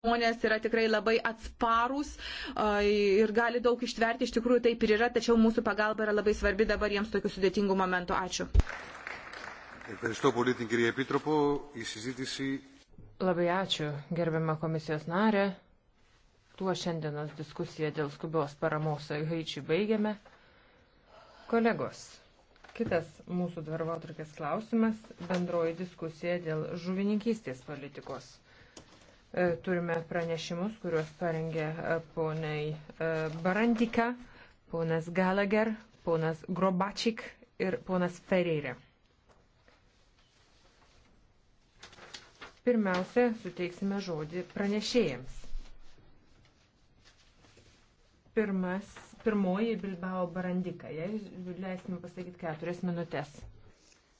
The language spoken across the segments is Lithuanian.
žmonės yra tikrai labai atsparūs ir gali daug ištverti, iš tikrųjų taip ir yra, tačiau mūsų pagalba yra labai svarbi dabar jiems tokių sudėtingų momentų. Ačiū. Labai ačiū, gerbiama komisijos narė. Tuo šiandienos diskusiją dėl skubios paramos Haičiui baigiame. Kolegos, kitas mūsų darbo atrukės klausimas - bendroji diskusija dėl žuvininkystės politikos. E, turime pranešimus, kuriuos parengė e, ponai e, Barandika, ponas Gallagher, ponas Grobačik ir ponas Ferreira. Pirmiausia, suteiksime žodį pranešėjams. Pirmas, pirmoji Bilbao Barandika. Jei leisime pasakyti keturias minutės.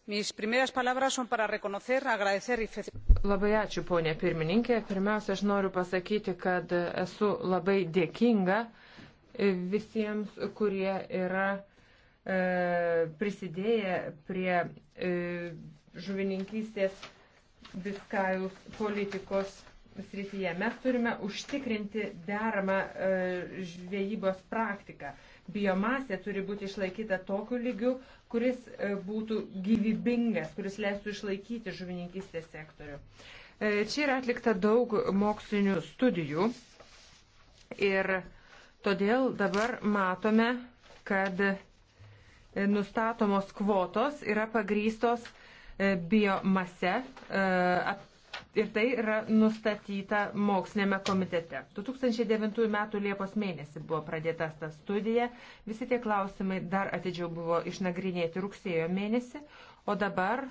Mis primeras palabras son para reconocer, agradecer y Labai ačiū, ponė pirmininkė. Pirmiausia, aš noriu pasakyti, kad esu labai dėkinga e, visiems, kurie yra e, prisidėję prie e, žuvininkystės viskajus politikos srityje. Mes turime užtikrinti deramą e, žvėjybos praktiką. Biomasė turi būti išlaikyta tokiu lygiu, kuris e, būtų gyvybingas, kuris leistų išlaikyti žuvininkystės sektorių. E, čia yra atlikta daug mokslinių studijų ir todėl dabar matome, kad e, nustatomos kvotos yra pagrystos biomase, Ir tai yra nustatyta mokslinėme komitete. 2009 m. Liepos mėnesį buvo pradėtas ta studija. Visi tie klausimai dar atidžiau buvo išnagrinėti rugsėjo mėnesį. O dabar e,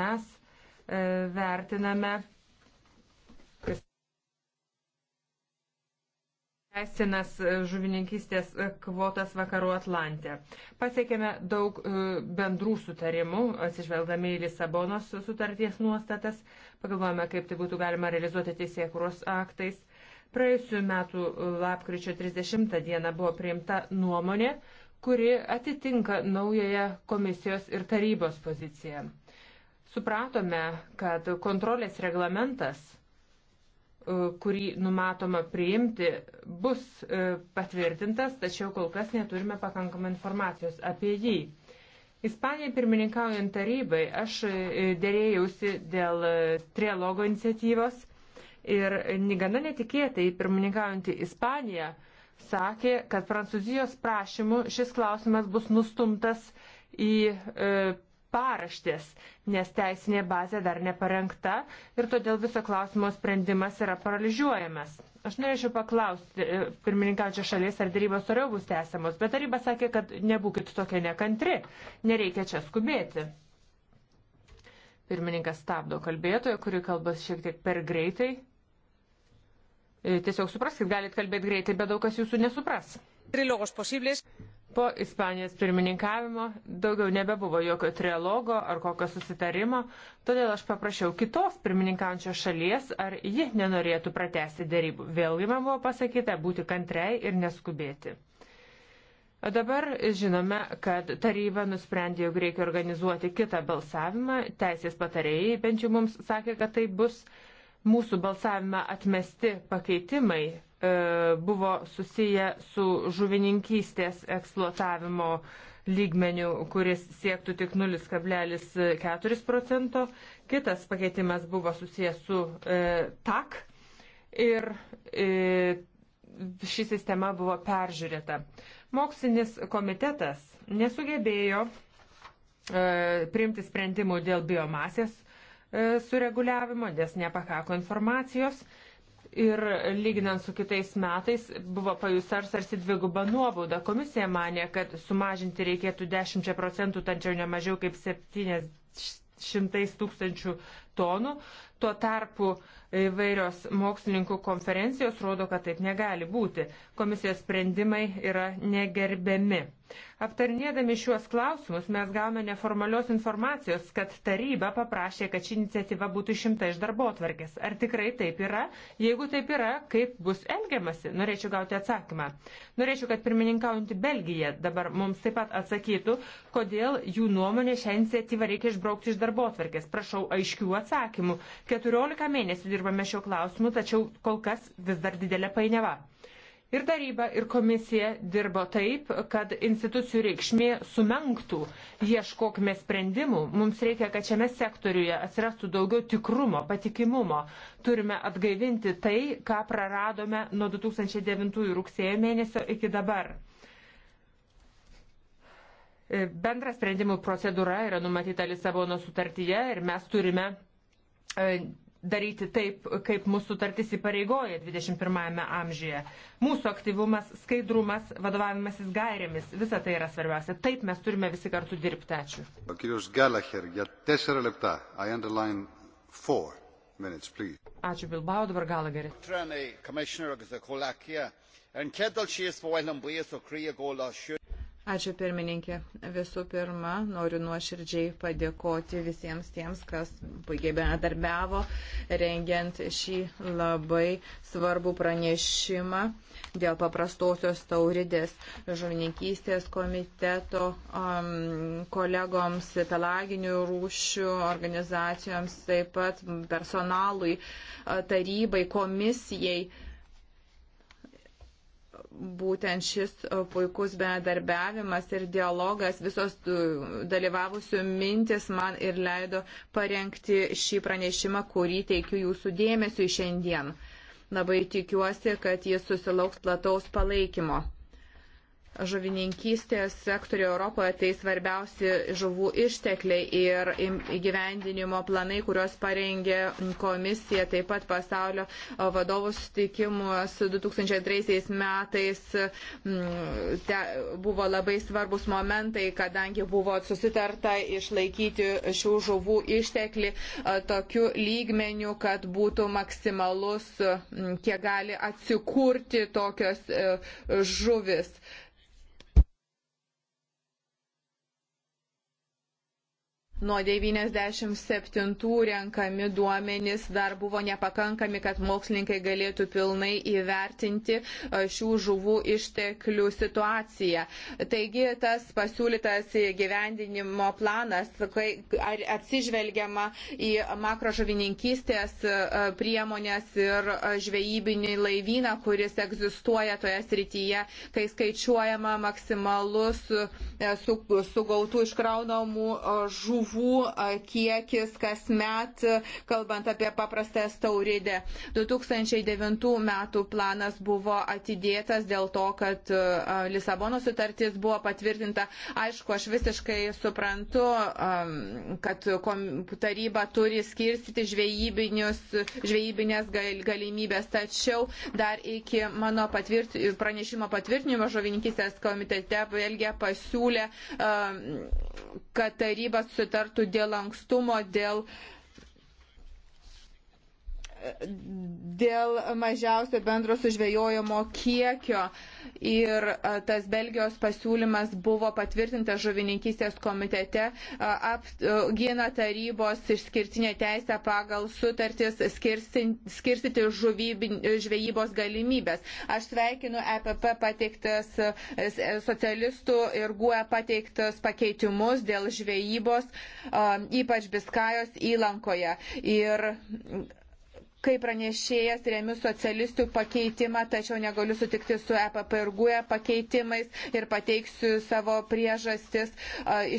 mes e, vertiname. Teisinas e, žuvininkystės kvotas vakarų Atlantė. Pasiekėme daug bendrų sutarimų, atsižvelgdami į Lisabonos sutarties nuostatas, pagalvojame, kaip tai būtų galima realizuoti teisėkuros aktais. Praėjusiu metu lapkričio 30 dieną buvo priimta nuomonė, kuri atitinka naująją komisijos ir tarybos poziciją. Supratome, kad kontrolės reglamentas, e, kurį numatoma priimti, bus e, patvirtintas, tačiau kol kas neturime pakankamai informacijos apie jį. Ispanijai pirmininkaujant tarybai aš e, dėrėjausi dėl e, trialogo iniciatyvos ir gana netikėtai pirmininkaujantį Ispaniją sakė, kad Prancūzijos prašymu šis klausimas bus nustumtas į e, paraštės, nes teisinė bazė dar neparengta ir todėl viso klausimo sprendimas yra paralyžiuojamas. Aš norėčiau paklausti e, pirmininkaučio šalies, ar darybos toliau bus tęsiamos, bet taryba sakė, kad nebūkit tokia nekantri, nereikia čia skubėti. Pirmininkas stabdo kalbėtoją, kuri kalbas šiek tiek per greitai. E, tiesiog supraskit, galit kalbėti greitai, bet daug kas jūsų nesupras. Trilogos posibles. Po Ispanijos pirmininkavimo daugiau nebebuvo jokio trialogo ar kokio susitarimo, todėl aš paprašiau kitos pirmininkaujančios šalies, ar ji nenorėtų pratesti dėrybų. Vėlgi man buvo pasakyta būti kantriai ir neskubėti. O dabar žinome, kad taryba nusprendė, jog reikia organizuoti kitą balsavimą. Teisės patarėjai bent jau mums sakė, kad tai bus mūsų balsavimą atmesti pakeitimai E, buvo susiję su žuvininkystės eksploatavimo lygmenių, kuris siektų tik 0,4 procento. Kitas pakeitimas buvo susijęs su e, TAK ir e, ši sistema buvo peržiūrėta. Mokslinis komitetas nesugebėjo e, priimti sprendimų dėl biomasės e, sureguliavimo, nes nepakako informacijos. E, ir lyginant su kitais metais buvo pajusars arsi dviguba nuobauda. Komisija manė, kad sumažinti reikėtų 10 procentų, tačiau ne mažiau kaip 700 tūkstančių tonų. Tuo tarpu įvairios mokslininkų konferencijos rodo, kad taip negali būti. Komisijos sprendimai yra negerbiami. Aptarnėdami šiuos klausimus mes gavome neformalios informacijos, kad taryba paprašė, kad ši iniciatyva būtų išimta iš darbo atvarkės. Ar tikrai taip yra? Jeigu taip yra, kaip bus elgiamasi? Norėčiau gauti atsakymą. Norėčiau, kad pirmininkaujantį Belgiją dabar mums taip pat atsakytų, kodėl jų nuomonė šią iniciatyvą reikia išbraukti iš darbo atvarkės. Prašau aiškių atsakymų. 14 mėnesių dirbame šio klausimu, tačiau kol kas vis dar didelė painiava. Ir taryba, ir komisija dirbo taip, kad institucijų reikšmė sumenktų, ieškokime sprendimų. Mums reikia, kad šiame sektoriuje atsirastų daugiau tikrumo, patikimumo. Turime atgaivinti tai, ką praradome nuo 2009 rugsėjo mėnesio iki dabar. Bendra sprendimų procedūra yra numatyta Lisabono sutartyje ir mes turime e, daryti taip, kaip mūsų sutartis įpareigoja 21 amžiuje. Mūsų aktyvumas, skaidrumas, vadovavimasis gairėmis, visa tai yra svarbiausia. Taip mes turime visi kartu dirbti. Ačiū. Ačiū Bilbao, dabar Galageris. Ačiū pirmininkė. Visų pirma, noriu nuoširdžiai padėkoti visiems tiems, kas puikiai bendradarbiavo, rengiant šį labai svarbų pranešimą dėl paprastosios tauridės žuvininkystės komiteto um, kolegoms, pelaginių rūšių organizacijoms, taip pat personalui, uh, tarybai, komisijai būtent šis e, puikus bendarbiavimas ir dialogas, visos e, dalyvavusių mintis man ir leido parengti šį pranešimą, kurį teikiu jūsų dėmesiu šiandien. Labai tikiuosi, kad jis susilauks plataus palaikymo žuvininkystės sektoriuje Europoje tai svarbiausi žuvų ištekliai ir įgyvendinimo planai, kuriuos parengė komisija, taip pat pasaulio vadovų sutikimus 2003 metais te, buvo labai svarbus momentai, kadangi buvo susitarta išlaikyti šių žuvų išteklį tokiu lygmeniu, kad būtų maksimalus, kiek gali atsikurti tokios e, žuvis. Nuo 97 renkami duomenys dar buvo nepakankami, kad mokslininkai galėtų pilnai įvertinti e, šių žuvų išteklių situaciją. Taigi tas pasiūlytas gyvendinimo planas, kai atsižvelgiama į makrožuvininkystės e, priemonės ir e, žvejybinį laivyną, kuris egzistuoja toje srityje, kai skaičiuojama maksimalus sugautų su iškraunamų žuvų žuvų kiekis kasmet, kalbant apie paprastą stauridę. 2009 metų planas buvo atidėtas dėl to, kad Lisabono sutartis buvo patvirtinta. Aišku, aš visiškai suprantu, kad taryba turi skirstyti žvejybinės galimybės, tačiau dar iki mano patvirt, pranešimo patvirtinimo žuvininkistės komitete Belgija pasiūlė, kad taryba sutartų sutartų dėl ankstumo, dėl dėl mažiausio bendro sužvėjojimo kiekio ir tas Belgijos pasiūlymas buvo patvirtintas žuvininkystės komitete, ap, gina tarybos išskirtinę teisę pagal sutartis skirstyti žvejybos galimybės. Aš sveikinu EPP pateiktas e, socialistų ir GUE pateiktas pakeitimus dėl žvejybos, ypač Biskajos įlankoje. Ir Kaip pranešėjas remiu socialistų pakeitimą, tačiau negaliu sutikti su EPP ir GUE pakeitimais ir pateiksiu savo priežastis.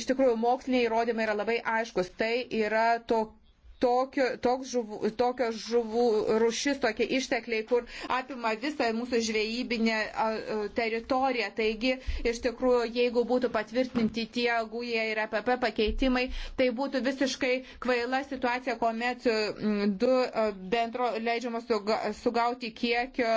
Iš tikrųjų, moksliniai įrodymai yra labai aiškus. Tai yra tokia tokio, toks žuvų, tokios žuvų rušis, tokie ištekliai, kur apima visą mūsų žvejybinę teritoriją. Taigi, iš tikrųjų, jeigu būtų patvirtinti tie gūjie ir APP pakeitimai, tai būtų visiškai kvaila situacija, kuomet mm, du bendro leidžiamo sugauti kiekio,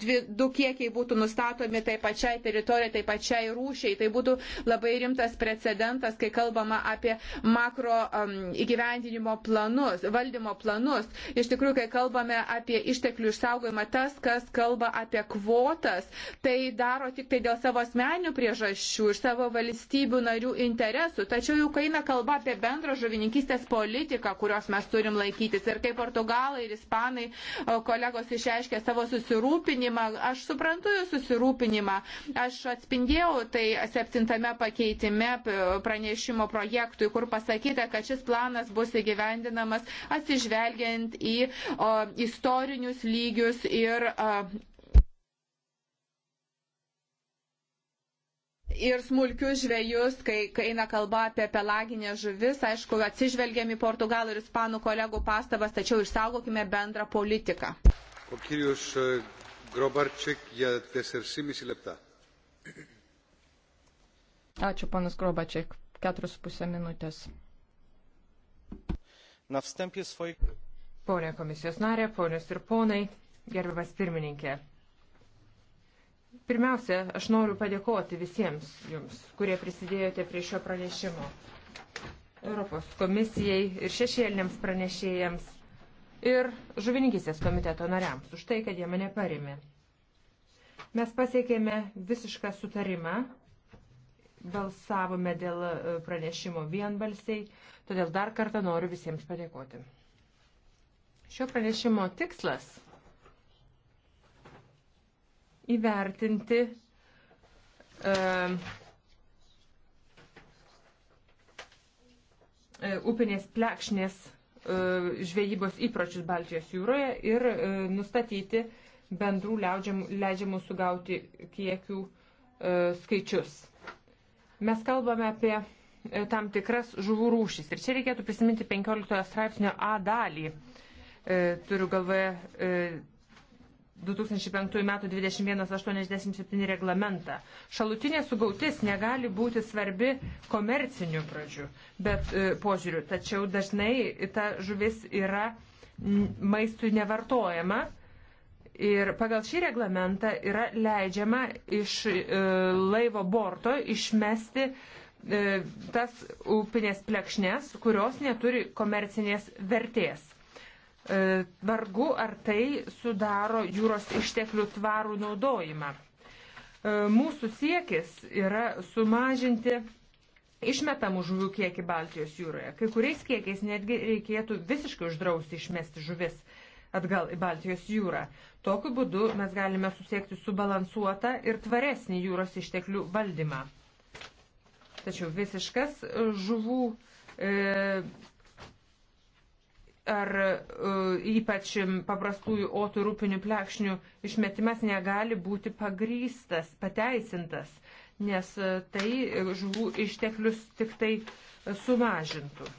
dvi, du kiekiai būtų nustatomi tai pačiai teritorijai, tai pačiai rūšiai. Tai būtų labai rimtas precedentas, kai kalbama apie makro um, įgyvendinimo veikimo planus, valdymo planus. Iš tikrųjų, kai kalbame apie išteklių išsaugojimą, tas, kas kalba apie kvotas, tai daro tik tai dėl savo asmenių priežasčių ir savo valstybių narių interesų. Tačiau juk eina kalba apie bendrą žuvininkystės politiką, kurios mes turim laikytis. Ir kaip portugalai ir ispanai kolegos išreiškė savo susirūpinimą, aš suprantu jų susirūpinimą. Aš atspindėjau tai septintame pakeitime pranešimo projektui, kur pasakyta, kad šis planas bus įgyvendintas įgyvendinamas atsižvelgiant į o, istorinius lygius ir o, ir smulkius žvėjus, kai, kai eina kalba apie pelaginę žuvis, aišku, atsižvelgiam į portugalų ir ispanų kolegų pastabas, tačiau išsaugokime bendrą politiką. O kirius e, Grobarčik, jie 4,5 lepta. Ačiū, panas Grobarčik, 4,5 minutės. Na wstępie swoich. Pone komisijos narė, ponios ir ponai, gerbiamas pirmininkė. Pirmiausia, aš noriu padėkoti visiems jums, kurie prisidėjote prie šio pranešimo. Europos komisijai ir šešėliniams pranešėjams ir žuvininkysės komiteto nariams už tai, kad jie mane parėmė. Mes pasiekėme visišką sutarimą balsavome dėl e, pranešimo vienbalsiai, todėl dar kartą noriu visiems padėkoti. Šio pranešimo tikslas - įvertinti uh, upinės plekšnės uh, žvejybos įpročius Baltijos jūroje ir uh, nustatyti bendrų leidžiamų sugauti kiekių uh, skaičius. Mes kalbame apie e, tam tikras žuvų rūšis. Ir čia reikėtų prisiminti 15 straipsnio A dalį. E, turiu galvoje 2005 m. 2187 reglamentą. Šalutinė sugautis negali būti svarbi komerciniu pradžiu, bet e, požiūriu. Tačiau dažnai ta žuvis yra maistui nevartojama Ir pagal šį reglamentą yra leidžiama iš e, laivo borto išmesti e, tas upinės plekšnes, kurios neturi komercinės vertės. E, vargu ar tai sudaro jūros išteklių tvarų naudojimą. Mūsų siekis yra sumažinti išmetamų žuvių kiekį Baltijos jūroje. Kai kuriais kiekiais netgi reikėtų visiškai uždrausti išmesti žuvis atgal į Baltijos jūrą. Tokiu būdu mes galime susiekti subalansuotą ir tvaresnį jūros išteklių valdymą. Tačiau visiškas žuvų e, ar e, ypač paprastųjų otų rūpinių plekšnių išmetimas negali būti pagrystas, pateisintas, nes e, tai žuvų išteklius tik tai sumažintų.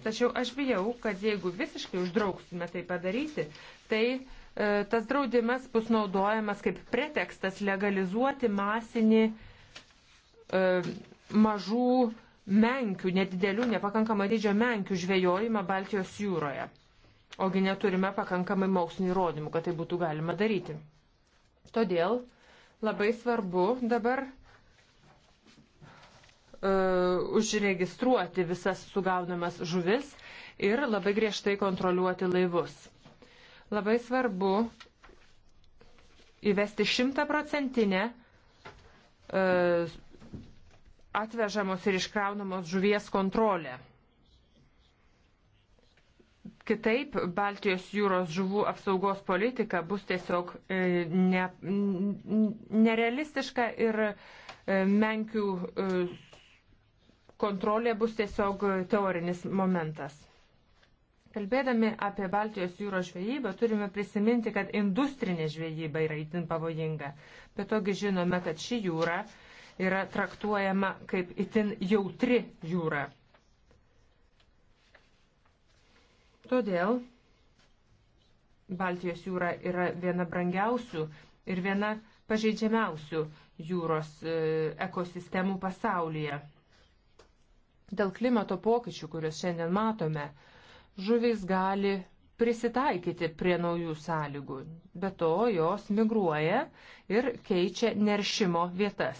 Tačiau aš bijau, kad jeigu visiškai uždrauksime tai padaryti, tai e, tas draudimas bus naudojamas kaip pretekstas legalizuoti masinį e, mažų menkių, nedidelių, nepakankamai didžio menkių žvejojimą Baltijos jūroje. Ogi neturime pakankamai mokslinį įrodymų, kad tai būtų galima daryti. Todėl labai svarbu dabar E, užregistruoti visas sugaunamas žuvis ir labai griežtai kontroliuoti laivus. Labai svarbu įvesti šimtaprocentinę e, atvežamos ir iškraunamos žuvies kontrolę. Kitaip Baltijos jūros žuvų apsaugos politika bus tiesiog e, ne, nerealistiška ir menkių kontrolė bus tiesiog teorinis momentas. Kalbėdami apie Baltijos jūros žvejybą, turime prisiminti, kad industrinė žvejyba yra itin pavojinga. Bet togi žinome, kad ši jūra yra traktuojama kaip itin jautri jūra. Todėl Baltijos jūra yra viena brangiausių ir viena pažeidžiamiausių jūros e, ekosistemų pasaulyje. Dėl klimato pokyčių, kuriuos šiandien matome, žuvis gali prisitaikyti prie naujų sąlygų. Be to, jos migruoja ir keičia neršimo vietas.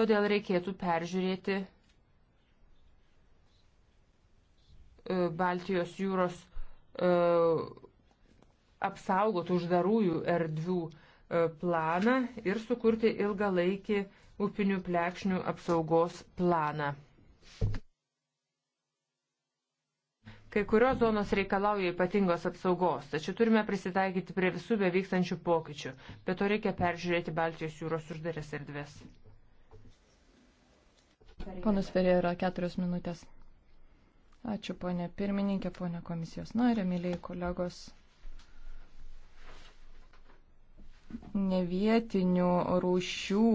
Todėl reikėtų peržiūrėti e, Baltijos jūros e, apsaugotų uždarųjų erdvių e, planą ir sukurti ilgalaikį upinių plekšnių apsaugos planą. Kai kurios zonos reikalauja ypatingos apsaugos, tačiau turime prisitaikyti prie visų bevykstančių pokyčių, bet to reikia peržiūrėti Baltijos jūros uždarės erdvės. Ponas Ferėra, keturios minutės. Ačiū, ponė pirmininkė, ponė komisijos narė, mėlyje kolegos. Nevietinių rūšių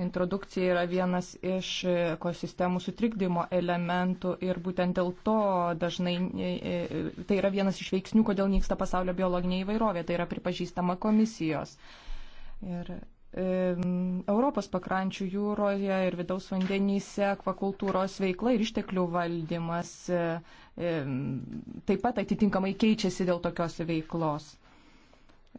Introdukcija yra vienas iš ekosistemų sutrikdymo elementų ir būtent dėl to dažnai e, e, tai yra vienas iš veiksnių, kodėl nyksta pasaulio biologinė įvairovė, tai yra pripažįstama komisijos. Ir e, Europos pakrančių jūroje ir vidaus vandenyse akvakultūros veikla ir išteklių valdymas e, e, taip pat atitinkamai keičiasi dėl tokios veiklos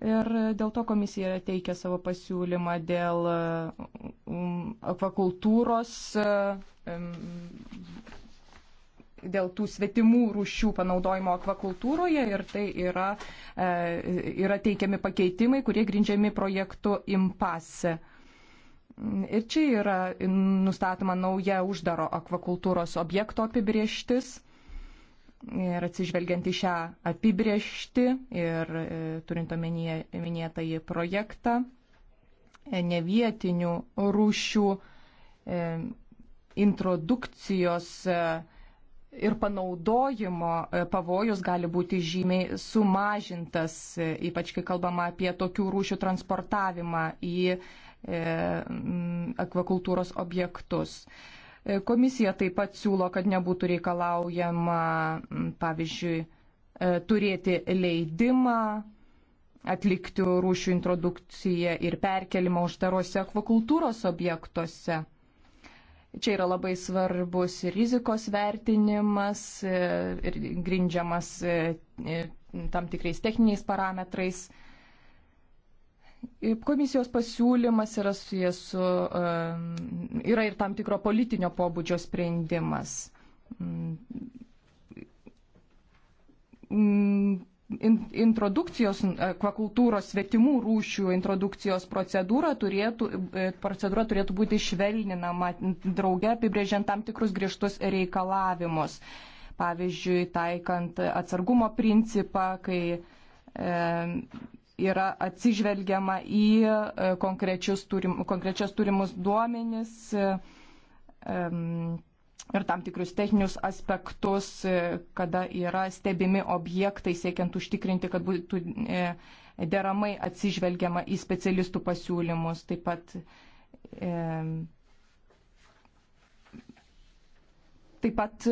Ir dėl to komisija teikia savo pasiūlymą dėl um, um, akvakultūros, um, dėl tų svetimų rūšių panaudojimo akvakultūroje ir tai yra, e, yra teikiami pakeitimai, kurie grindžiami projektu impase. Ir čia yra nustatoma nauja uždaro akvakultūros objekto apibrieštis ir atsižvelgiant į šią apibriešti ir e, turint omenyje minėtąjį projektą, e, nevietinių rūšių e, introdukcijos ir panaudojimo pavojus gali būti žymiai sumažintas, ypač kai kalbama apie tokių rūšių transportavimą į akvakultūros objektus. E, Komisija taip pat siūlo, kad nebūtų reikalaujama, pavyzdžiui, e, turėti leidimą atlikti rūšių introdukciją ir perkelimą uždarose akvakultūros objektuose. Čia yra labai svarbus rizikos vertinimas e, ir grindžiamas e, tam tikrais techniniais parametrais. Komisijos pasiūlymas yra susijęs su, yra ir tam tikro politinio pobūdžio sprendimas. Mm. Mm. Introdukcijos, akvakultūros svetimų rūšių introdukcijos procedūra turėtų, e, procedūra turėtų būti švelninama, drauge apibrėžiant tam tikrus griežtus reikalavimus. Pavyzdžiui, taikant atsargumo principą, kai e, yra atsižvelgiama į e, konkrečius turim, konkrečias turimus duomenis e, ir tam tikrus techninius aspektus, e, kada yra stebimi objektai, siekiant užtikrinti, kad būtų deramai atsižvelgiama į specialistų pasiūlymus. Taip pat Taip pat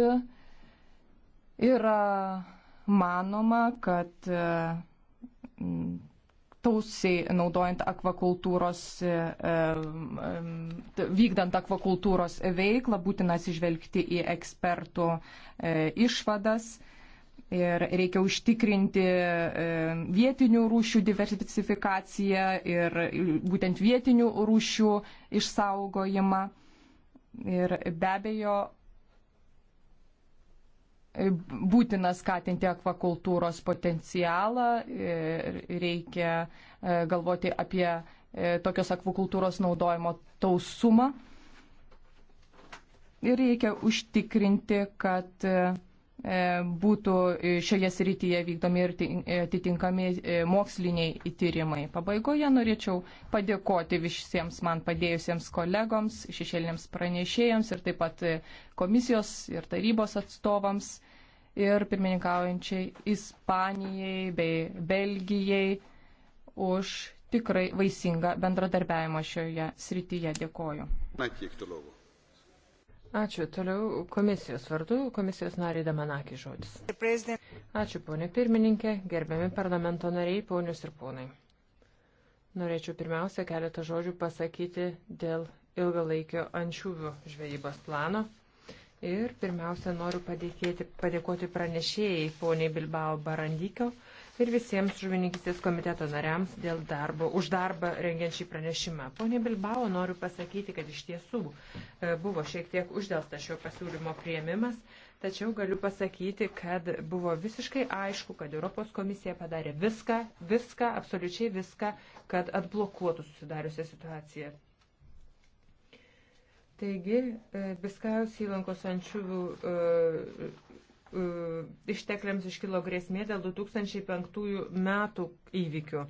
yra manoma, kad tausiai naudojant akvakultūros, e, e, vykdant akvakultūros veiklą, būtina atsižvelgti į ekspertų e, išvadas. Ir reikia užtikrinti vietinių rūšių diversifikaciją ir būtent vietinių rūšių išsaugojimą. Ir be abejo, būtina skatinti akvakultūros potencialą, reikia e, galvoti apie e, tokios akvakultūros naudojimo tausumą ir reikia užtikrinti, kad e, E, būtų e, šioje srityje vykdomi ir e, atitinkami moksliniai tyrimai. Pabaigoje norėčiau padėkoti visiems man padėjusiems kolegoms, šešėlėms pranešėjams ir taip pat komisijos ir tarybos atstovams ir pirmininkaujančiai Ispanijai bei Belgijai už tikrai vaisingą bendradarbiavimą šioje srityje. Dėkoju. Na, Ačiū. Toliau komisijos vardu, komisijos nariai Damanakį žodis. Ačiū, ponė pirmininkė, gerbiami parlamento nariai, ponius ir ponai. Norėčiau pirmiausia keletą žodžių pasakyti dėl ilgalaikio ančiųvių žvejybos plano. Ir pirmiausia, noriu padėkėti, padėkoti pranešėjai poniai Bilbao Barandykio ir visiems žuvininkistės komiteto nariams dėl darbo, už darbą rengiant šį pranešimą. Pone Bilbao, noriu pasakyti, kad iš tiesų e, buvo šiek tiek uždėlsta šio pasiūlymo prieimimas, tačiau galiu pasakyti, kad buvo visiškai aišku, kad Europos komisija padarė viską, viską, absoliučiai viską, kad atblokuotų susidariusią situaciją. Taigi, e, Biskajaus įlankos ančiųvių e, E, ištekliams iškilo grėsmė dėl 2005 metų įvykių.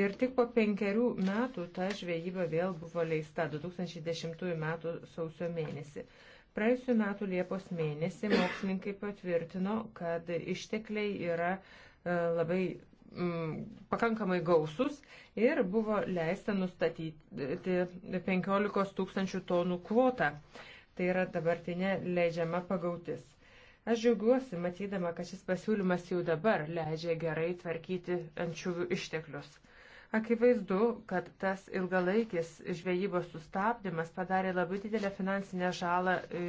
Ir tik po penkerių metų ta žvejyba vėl buvo leista 2010 metų sausio mėnesį. Praėjusiu metu Liepos mėnesį mokslininkai patvirtino, kad ištekliai yra e, labai m, mm, pakankamai gausus ir buvo leista nustatyti 15 tūkstančių tonų kvotą. Tai yra dabartinė leidžiama pagautis. Aš džiaugiuosi, matydama, kad šis pasiūlymas jau dabar leidžia gerai tvarkyti ančiųjų išteklius. Akivaizdu, kad tas ilgalaikis žvejybos sustabdymas padarė labai didelę finansinę žalą e,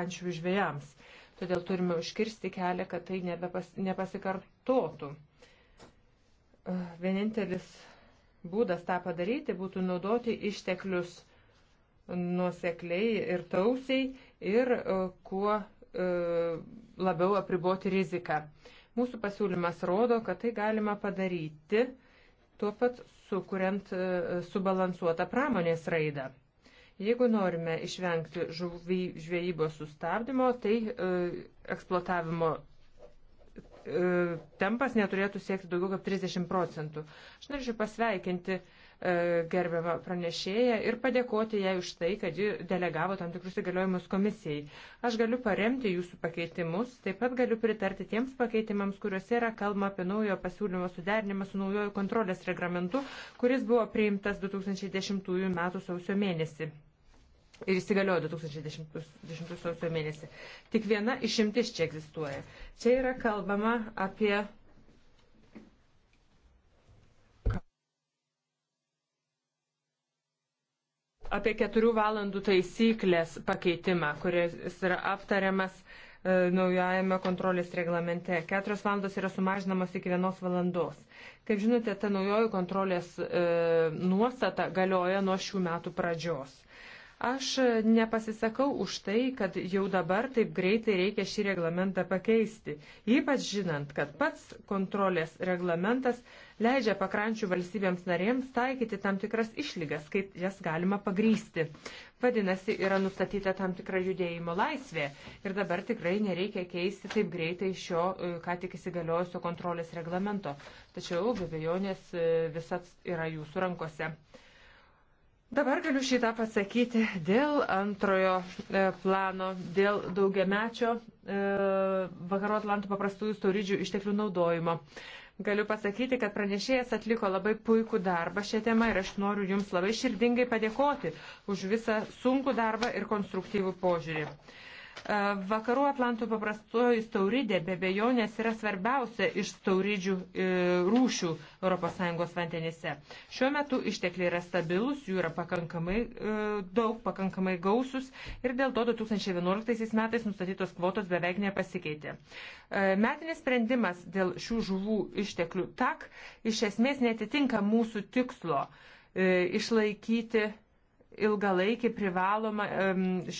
ančių žvėjams. Todėl turime užkirsti kelią, kad tai nebepas, nepasikartotų. E, vienintelis būdas tą padaryti būtų naudoti išteklius nuosekliai ir tausiai ir e, kuo E, labiau apriboti riziką. Mūsų pasiūlymas rodo, kad tai galima padaryti tuo pat sukuriant e, subalansuotą pramonės raidą. Jeigu norime išvengti žvejybos sustabdymo, tai e, eksploatavimo tempas neturėtų siekti daugiau kaip 30 procentų. Aš norėčiau pasveikinti uh, E, gerbiamą pranešėją ir padėkoti jai už tai, kad ji delegavo tam tikrus įgaliojimus komisijai. Aš galiu paremti jūsų pakeitimus, taip pat galiu pritarti tiems pakeitimams, kuriuose yra kalba apie naujo pasiūlymo suderinimą su naujojo kontrolės reglamentu, kuris buvo priimtas 2010 m. sausio mėnesį. Ir įsigaliojo 2010, 2010 sausio mėnesį. Tik viena išimtis čia egzistuoja. Čia yra kalbama apie apie keturių valandų taisyklės pakeitimą, kuris yra aptariamas e, naujajame kontrolės reglamente. Keturios valandos yra sumažinamos iki vienos valandos. Kaip žinote, ta naujoji kontrolės e, nuostata galioja nuo šių metų pradžios. Aš nepasisakau už tai, kad jau dabar taip greitai reikia šį reglamentą pakeisti, ypač žinant, kad pats kontrolės reglamentas leidžia pakrančių valstybėms narėms taikyti tam tikras išlygas, kaip jas galima pagrysti. Vadinasi, yra nustatyta tam tikra judėjimo laisvė ir dabar tikrai nereikia keisti taip greitai šio, e, ką tik įsigaliojusio kontrolės reglamento. Tačiau, be abejonės, e, visas yra jūsų rankose. Dabar galiu šitą pasakyti dėl antrojo e, plano, dėl daugiamečio vakarų Atlantų paprastųjų storidžių išteklių naudojimo. Galiu pasakyti, kad pranešėjas atliko labai puikų darbą šią temą ir aš noriu Jums labai širdingai padėkoti už visą sunkų darbą ir konstruktyvų požiūrį. E, vakarų Atlanto paprastoji stauridė be bejonės yra svarbiausia iš stauridžių e, rūšių ES vandenėse. Šiuo metu ištekliai yra stabilus, jų yra pakankamai e, daug, pakankamai gausus ir dėl to 2011 metais nustatytos kvotos beveik nepasikeitė. Metinis sprendimas dėl šių žuvų išteklių tak iš esmės netitinka mūsų tikslo išlaikyti ilgalaikį privalomą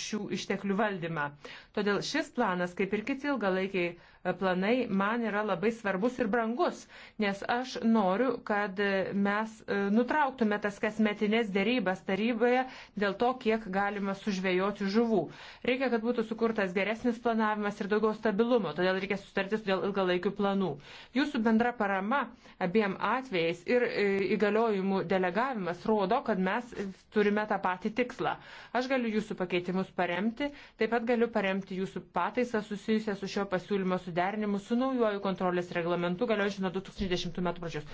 šių išteklių valdymą. Todėl šis planas, kaip ir kiti ilgalaikiai planai man yra labai svarbus ir brangus, nes aš noriu, kad mes e, nutrauktume tas kasmetinės dėrybas taryboje dėl to, kiek galima sužvėjoti žuvų. Reikia, kad būtų sukurtas geresnis planavimas ir daugiau stabilumo, todėl reikia sustartis dėl ilgalaikių planų. Jūsų bendra parama abiem atvejais ir e, įgaliojimų delegavimas rodo, kad mes turime tą patį tikslą. Aš galiu jūsų pakeitimus paremti, taip pat galiu paremti jūsų pataisą susijusią su šio pasiūlymo su suderinimu su naujoju kontrolės reglamentu galiojančiu nuo 2010 metų pradžios.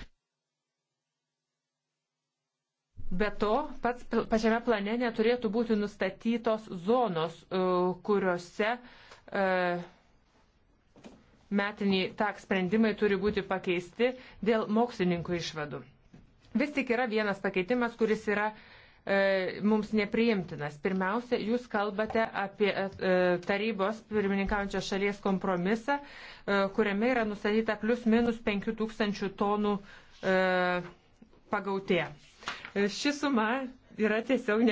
Be to, pats, pačiame plane neturėtų būti nustatytos zonos, e, kuriuose e, metiniai tak sprendimai turi būti pakeisti dėl mokslininkų išvadų. Vis tik yra vienas pakeitimas, kuris yra uh, E, mums nepriimtinas. Pirmiausia, jūs kalbate apie e, tarybos pirmininkaujančios šalies kompromisą, e, kuriame yra nustatyta plus minus 5000 tonų pagautė. Ši suma yra tiesiog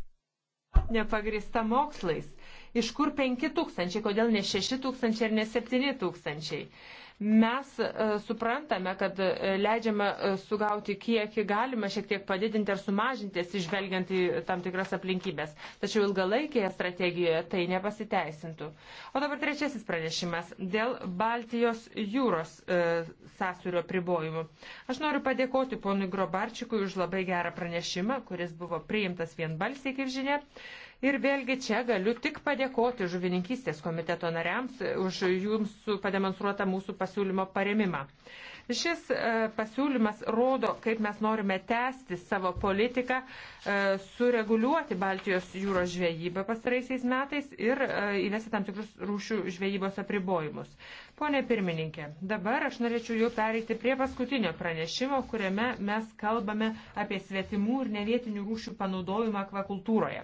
nepagrista mokslais. Iš kur 5000, kodėl ne 6000 ir ne 7000? Mes e, suprantame, kad e, leidžiame sugauti kiekį galima šiek tiek padidinti ar sumažinti, išvelgiant į tam tikras aplinkybės. Tačiau ilgalaikėje strategijoje tai nepasiteisintų. O dabar trečiasis pranešimas dėl Baltijos jūros e, sąsiurio pribojimų. Aš noriu padėkoti ponui Grobarčikui už labai gerą pranešimą, kuris buvo priimtas vienbalsiai, kaip žinia. Ir vėlgi čia galiu tik padėkoti žuvininkystės komiteto nariams už jums pademonstruotą mūsų pasiūlymo paremimą. Šis e, pasiūlymas rodo, kaip mes norime tęsti savo politiką, e, sureguliuoti Baltijos jūros žvejybą pastaraisiais metais ir e, įvesti tam tikrus rūšių žvejybos apribojimus. Pone pirmininkė, dabar aš norėčiau jau pereiti prie paskutinio pranešimo, kuriame mes kalbame apie svetimų ir nevietinių rūšių panaudojimą akvakultūroje.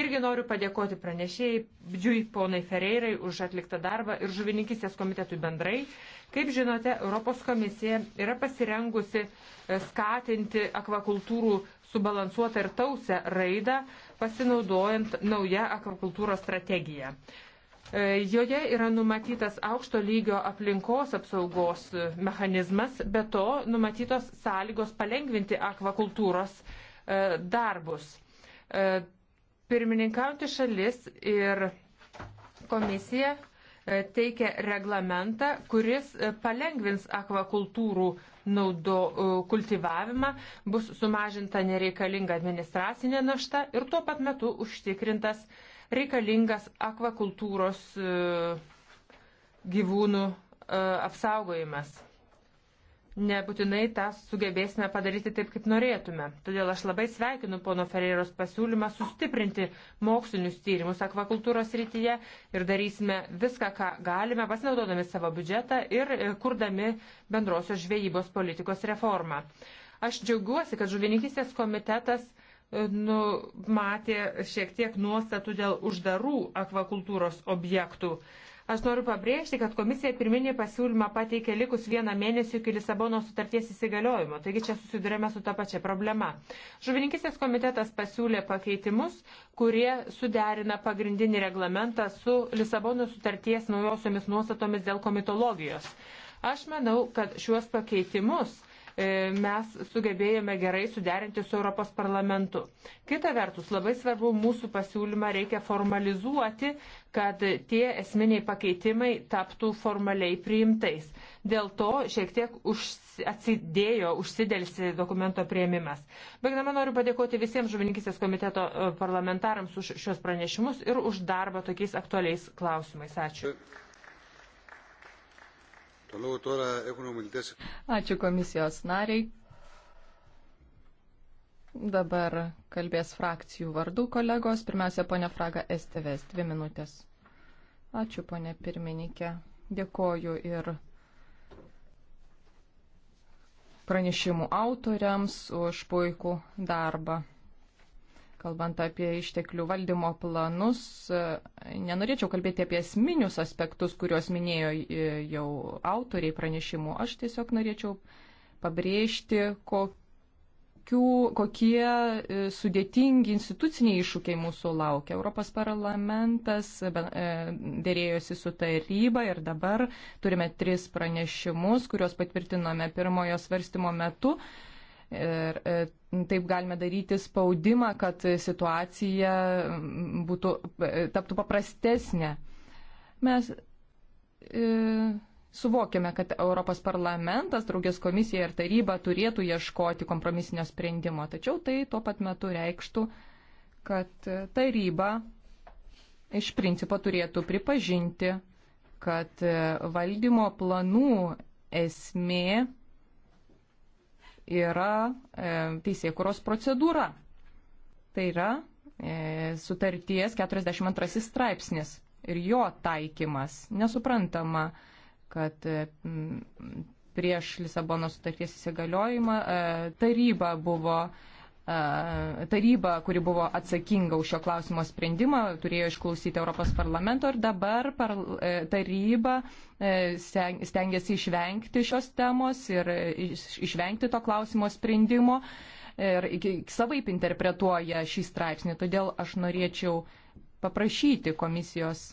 Irgi noriu padėkoti pranešėjai, džiui ponai Ferreirai už atliktą darbą ir žuvininkistės komitetui bendrai. Kaip žinote, Europos komisija yra pasirengusi e, skatinti akvakultūrų subalansuotą ir tausią raidą, pasinaudojant naują akvakultūros strategiją. E, joje yra numatytas aukšto lygio aplinkos apsaugos mechanizmas, be to numatytos sąlygos palengvinti akvakultūros e, darbus. Pirmininkauti šalis ir komisija E, teikia reglamentą, kuris e, palengvins akvakultūrų naudo e, kultivavimą, bus sumažinta nereikalinga administracinė našta ir tuo pat metu užtikrintas reikalingas akvakultūros gyvūnų apsaugojimas nebūtinai tą sugebėsime padaryti taip, kaip norėtume. Todėl aš labai sveikinu pono Ferreiros pasiūlymą sustiprinti mokslinius tyrimus akvakultūros rytyje ir darysime viską, ką galime, pasinaudodami savo biudžetą ir e, kurdami bendrosios žvejybos politikos reformą. Aš džiaugiuosi, kad žuvininkystės komitetas e, numatė šiek tiek nuostatų dėl uždarų akvakultūros objektų. Uh, Aš noriu pabrėžti, kad komisija pirminį pasiūlymą pateikė likus vieną mėnesį iki Lisabono sutarties įsigaliojimo, taigi čia susidurėme su ta pačia problema. Žuvininkistės komitetas pasiūlė pakeitimus, kurie suderina pagrindinį reglamentą su Lisabono sutarties naujosiomis nuostatomis dėl komitologijos. Aš manau, kad šiuos pakeitimus E, mes sugebėjome gerai suderinti su Europos parlamentu. Kita vertus, labai svarbu mūsų pasiūlymą reikia formalizuoti, kad tie esminiai pakeitimai taptų formaliai priimtais. Dėl to šiek tiek už, atsidėjo, užsidelsi dokumento prieimimas. Baigdama noriu padėkoti visiems žuvininkistės komiteto e, parlamentarams už šios pranešimus ir už darbą tokiais aktualiais klausimais. Ačiū. Ačiū komisijos nariai. Dabar kalbės frakcijų vardų kolegos. Pirmiausia, ponia Fraga STVS, dvi minutės. Ačiū, ponia pirmininkė. Dėkoju ir pranešimų autoriams už puikų darbą kalbant apie išteklių valdymo planus, e, nenorėčiau kalbėti apie esminius aspektus, kuriuos minėjo e, jau autoriai pranešimų. Aš tiesiog norėčiau pabrėžti, kokių, kokie e, sudėtingi instituciniai iššūkiai mūsų laukia. Europos parlamentas dėrėjosi su taryba ir dabar turime tris pranešimus, kuriuos patvirtinome pirmojo svarstymo metu. Ir e, taip galime daryti spaudimą, kad situacija būtų, e, taptų paprastesnė. Mes e, suvokiame, kad Europos parlamentas, draugės komisija ir taryba turėtų ieškoti kompromisinio sprendimo, tačiau tai tuo pat metu reikštų, kad taryba iš principo turėtų pripažinti, kad valdymo planų esmė yra e, teisėkuros procedūra. Tai yra e, sutarties 42 straipsnis ir jo taikymas. Nesuprantama, kad e, prieš Lisabono sutarties įsigaliojimą taryba buvo taryba, kuri buvo atsakinga už šio klausimo sprendimą, turėjo išklausyti Europos parlamento ir dabar par, e, taryba e, stengiasi išvengti šios temos ir išvengti to klausimo sprendimo ir savaip interpretuoja šį straipsnį. Todėl aš norėčiau paprašyti komisijos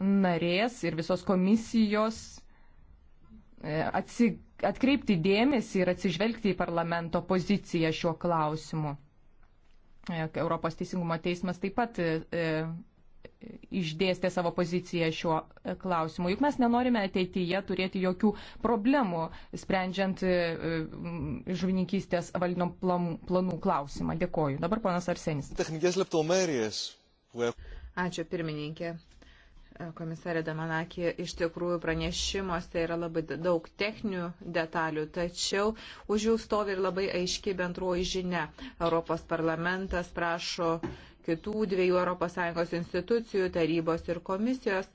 narės ir visos komisijos e, atsigaiti atkreipti dėmesį ir atsižvelgti į parlamento poziciją šiuo klausimu. E, Europos teisingumo teismas taip pat e, e, išdėstė savo poziciją šiuo klausimu. Juk mes nenorime ateityje turėti jokių problemų, sprendžiant žuvininkystės valdymo planų klausimą. Dėkoju. Dabar ponas Arsenis. Ačiū pirmininkė. Komisarė Damanakė, iš tikrųjų pranešimuose yra labai daug techninių detalių, tačiau už jų stovi ir labai aiški bendroji žinia. Europos parlamentas prašo kitų dviejų ES institucijų, tarybos ir komisijos,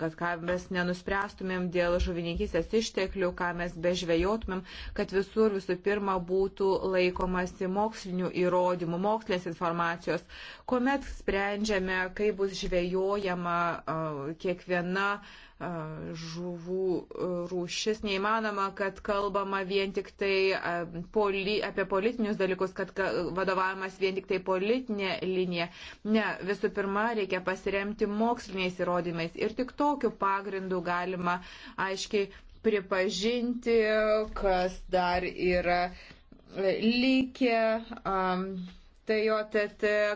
kad ką mes nenuspręstumėm dėl žuvininkysės išteklių, ką mes bežvejotumėm, kad visur visų pirma būtų laikomasi mokslinių įrodymų, mokslinės informacijos, kuomet sprendžiame, kaip bus žvejojama kiekviena žuvų rūšis. Neįmanoma, kad kalbama vien tik tai poli, apie politinius dalykus, kad vadovavimas vien tik tai politinė linija. Ne, visų pirma, reikia pasiremti moksliniais įrodymais ir tik tokiu pagrindu galima aiškiai pripažinti, kas dar yra e, likę. Um, tai jo,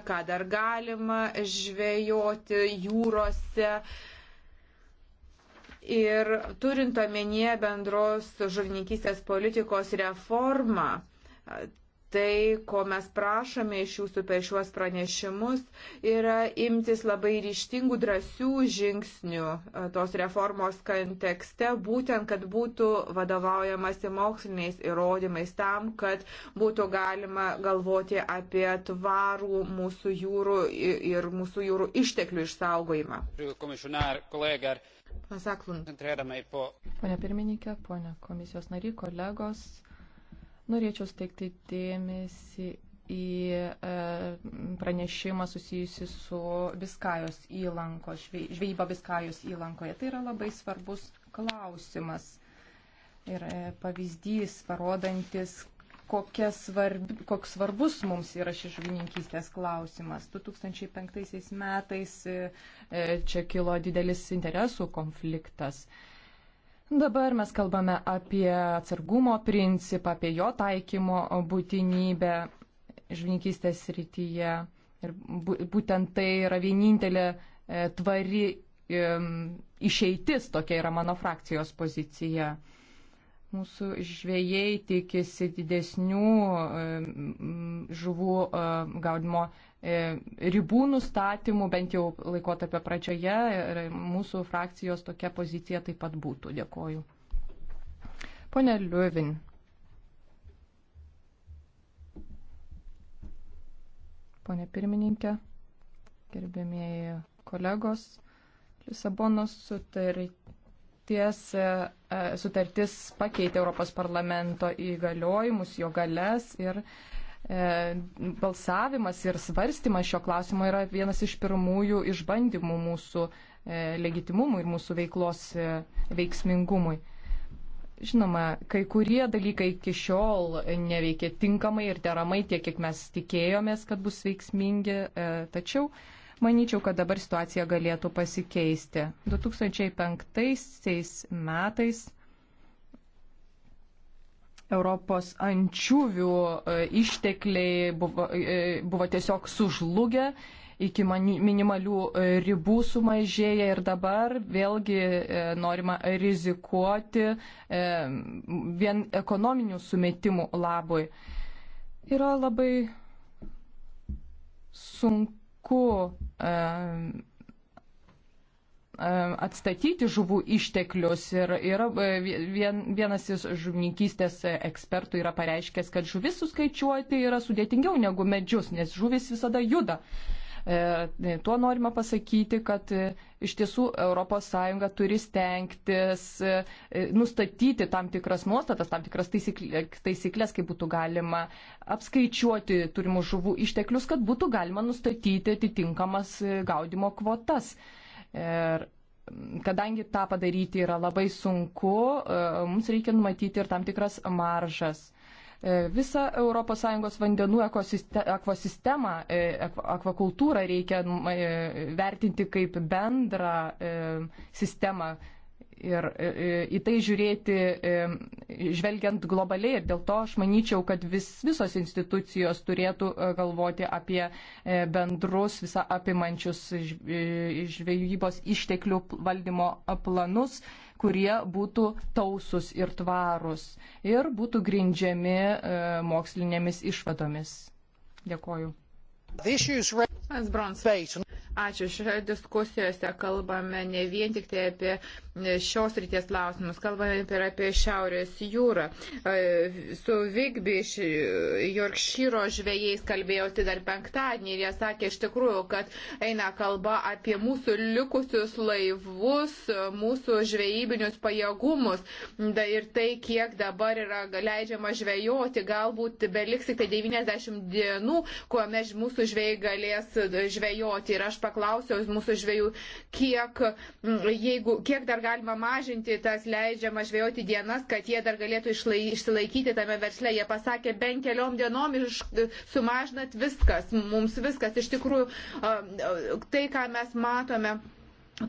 ką dar galima žvejoti jūrose. Uh, Ir turint omenyje bendros žuvininkystės politikos reformą, tai, ko mes prašome iš jūsų per šiuos pranešimus, yra imtis labai ryštingų, drąsių žingsnių e, tos reformos kontekste, būtent, kad būtų vadovaujamasi moksliniais įrodymais tam, kad būtų galima galvoti apie tvarų mūsų jūrų ir mūsų jūrų išteklių išsaugojimą. Pasaklun. Pone pirmininkė, pone komisijos nary, kolegos, norėčiau steigti dėmesį į e, pranešimą susijusi su Biskajos įlankos, žvejyba Biskajos įlankoje. Tai yra labai svarbus klausimas ir e, pavyzdys, parodantis, svarbi, koks svarbus mums yra šis žuvininkystės klausimas. 2005 metais e, e, čia kilo didelis interesų konfliktas. Dabar mes kalbame apie atsargumo principą, apie jo taikymo būtinybę žvininkystės srityje. Ir būtent tai yra vienintelė e, tvari išeitis, tokia yra mano frakcijos pozicija. Mūsų žvėjai tikisi didesnių e, žuvų e, gaudimo e, ribų nustatymų, bent jau laikotarpio pradžioje. Ir mūsų frakcijos tokia pozicija taip pat būtų. Dėkoju. Pone Liuvin. Pone pirmininkė, gerbėmėjai kolegos, Lisabonos sutarties E, sutartis pakeitė Europos parlamento įgaliojimus, jo galės ir e, balsavimas ir svarstymas šio klausimo yra vienas iš pirmųjų išbandymų mūsų e, legitimumui ir mūsų veiklos veiksmingumui. Žinoma, kai kurie dalykai iki šiol neveikia tinkamai ir deramai tiek, kiek mes tikėjomės, kad bus veiksmingi, tačiau Manyčiau, kad dabar situacija galėtų pasikeisti. 2005 metais Europos ančiųvių e, ištekliai buvo, e, e, buvo tiesiog sužlugę, iki minimalių ribų sumažėję ir dabar vėlgi norima rizikuoti vien ekonominių sumetimų labui. Yra labai sunku sunku atstatyti žuvų išteklius. Ir yra e, vien, vienas iš žuvininkystės ekspertų yra pareiškęs, kad žuvis suskaičiuoti yra sudėtingiau negu medžius, nes žuvis visada juda. Uh, E, e, tuo norima pasakyti, kad e, iš tiesų ES turi stengtis nustatyti tam tikras nuostatas, tam tikras taisyklės, kaip būtų galima apskaičiuoti turimų žuvų išteklius, kad būtų galima nustatyti atitinkamas gaudimo kvotas. Ir kadangi tą padaryti yra labai sunku, mums reikia numatyti ir tam tikras maržas. E, visą ES vandenų ekosistemą, e, akvakultūrą reikia e, vertinti kaip bendrą sistemą ir į tai žiūrėti, žvelgiant globaliai. Ir dėl to aš manyčiau, kad vis, visos institucijos turėtų galvoti apie bendrus, visą apimančius žvejybos išteklių valdymo planus kurie būtų tausus ir tvarus ir būtų grindžiami e, mokslinėmis išvadomis. Dėkoju. Ačiū. Šioje diskusijose kalbame ne vien tik tai apie šios ryties klausimus. Kalbame ir apie Šiaurės jūrą. E, su Vigbi iš Jorkšyro žvėjais kalbėjausi dar penktadienį ir jie sakė iš tikrųjų, kad eina kalba apie mūsų likusius laivus, mūsų žvejybinius pajėgumus da, ir tai, kiek dabar yra leidžiama žvejoti. Galbūt beliks tik tai 90 dienų, kuomet mūsų žvėjai galės žvejoti. Ir aš paklausiau mūsų žvėjų, kiek, jeigu, kiek dar galima mažinti tas leidžiamas žvejoti dienas, kad jie dar galėtų išsilaikyti tame versle. Jie pasakė, bent keliom dienom iš, sumažinat viskas, mums viskas. Iš tikrųjų, tai, ką mes matome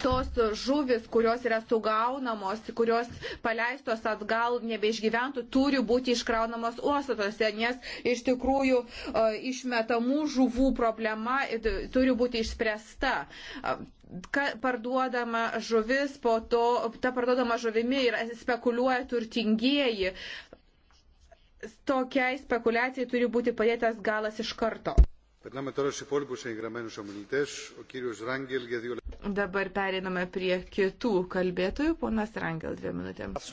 tos žuvis, kurios yra sugaunamos, kurios paleistos atgal nebeišgyventų, turi būti iškraunamos uostose, nes iš tikrųjų išmetamų žuvų problema turi būti išspręsta parduodama žuvis, po to ta parduodama žuvimi ir spekuliuoja turtingieji. Tokiai spekulacijai turi būti padėtas galas iš karto. Dabar periname prie kitų kalbėtojų. Ponas Rangel, dvi minutėms.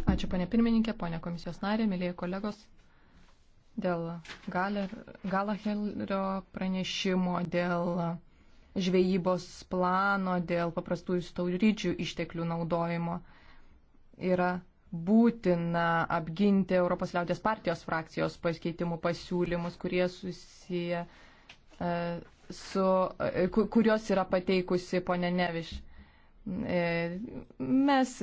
Ačiū, ponė pirmininkė, ponė komisijos narė, mėlyje kolegos dėl Galaherio pranešimo, dėl žvejybos plano, dėl paprastųjų staurydžių išteklių naudojimo yra būtina apginti Europos liaudės partijos frakcijos pasikeitimų pasiūlymus, kurie susiję e, su, e, kurios yra pateikusi ponė Neviš. E, mes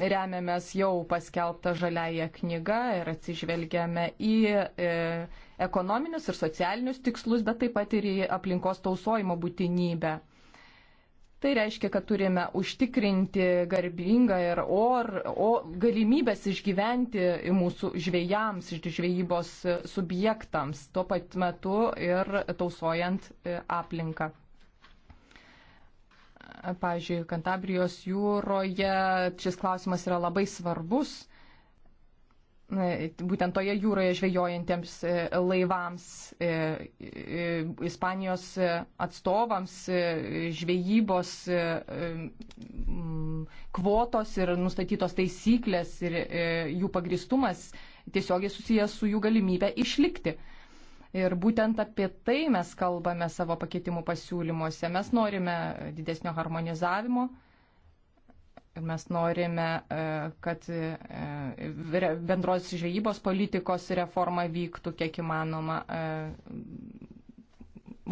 remiamės jau paskelbtą žaliąją knygą ir atsižvelgiame į e, ekonominius ir socialinius tikslus, bet taip pat ir į aplinkos tausojimo būtinybę. Tai reiškia, kad turime užtikrinti garbingą ir or, o, galimybės išgyventi mūsų žvėjams, žvėjybos subjektams, tuo pat metu ir tausojant e, aplinką pavyzdžiui, Kantabrijos jūroje šis klausimas yra labai svarbus e, būtent toje jūroje žvejojantiems e, laivams, e, Ispanijos atstovams žvejybos kvotos ir nustatytos taisyklės ir jų pagristumas tiesiogiai susijęs su jų galimybė išlikti. Ir būtent apie tai mes kalbame savo pakeitimų pasiūlymuose. Mes norime didesnio harmonizavimo. Mes norime, e, kad e, bendros žvejybos politikos reforma vyktų kiek įmanoma e,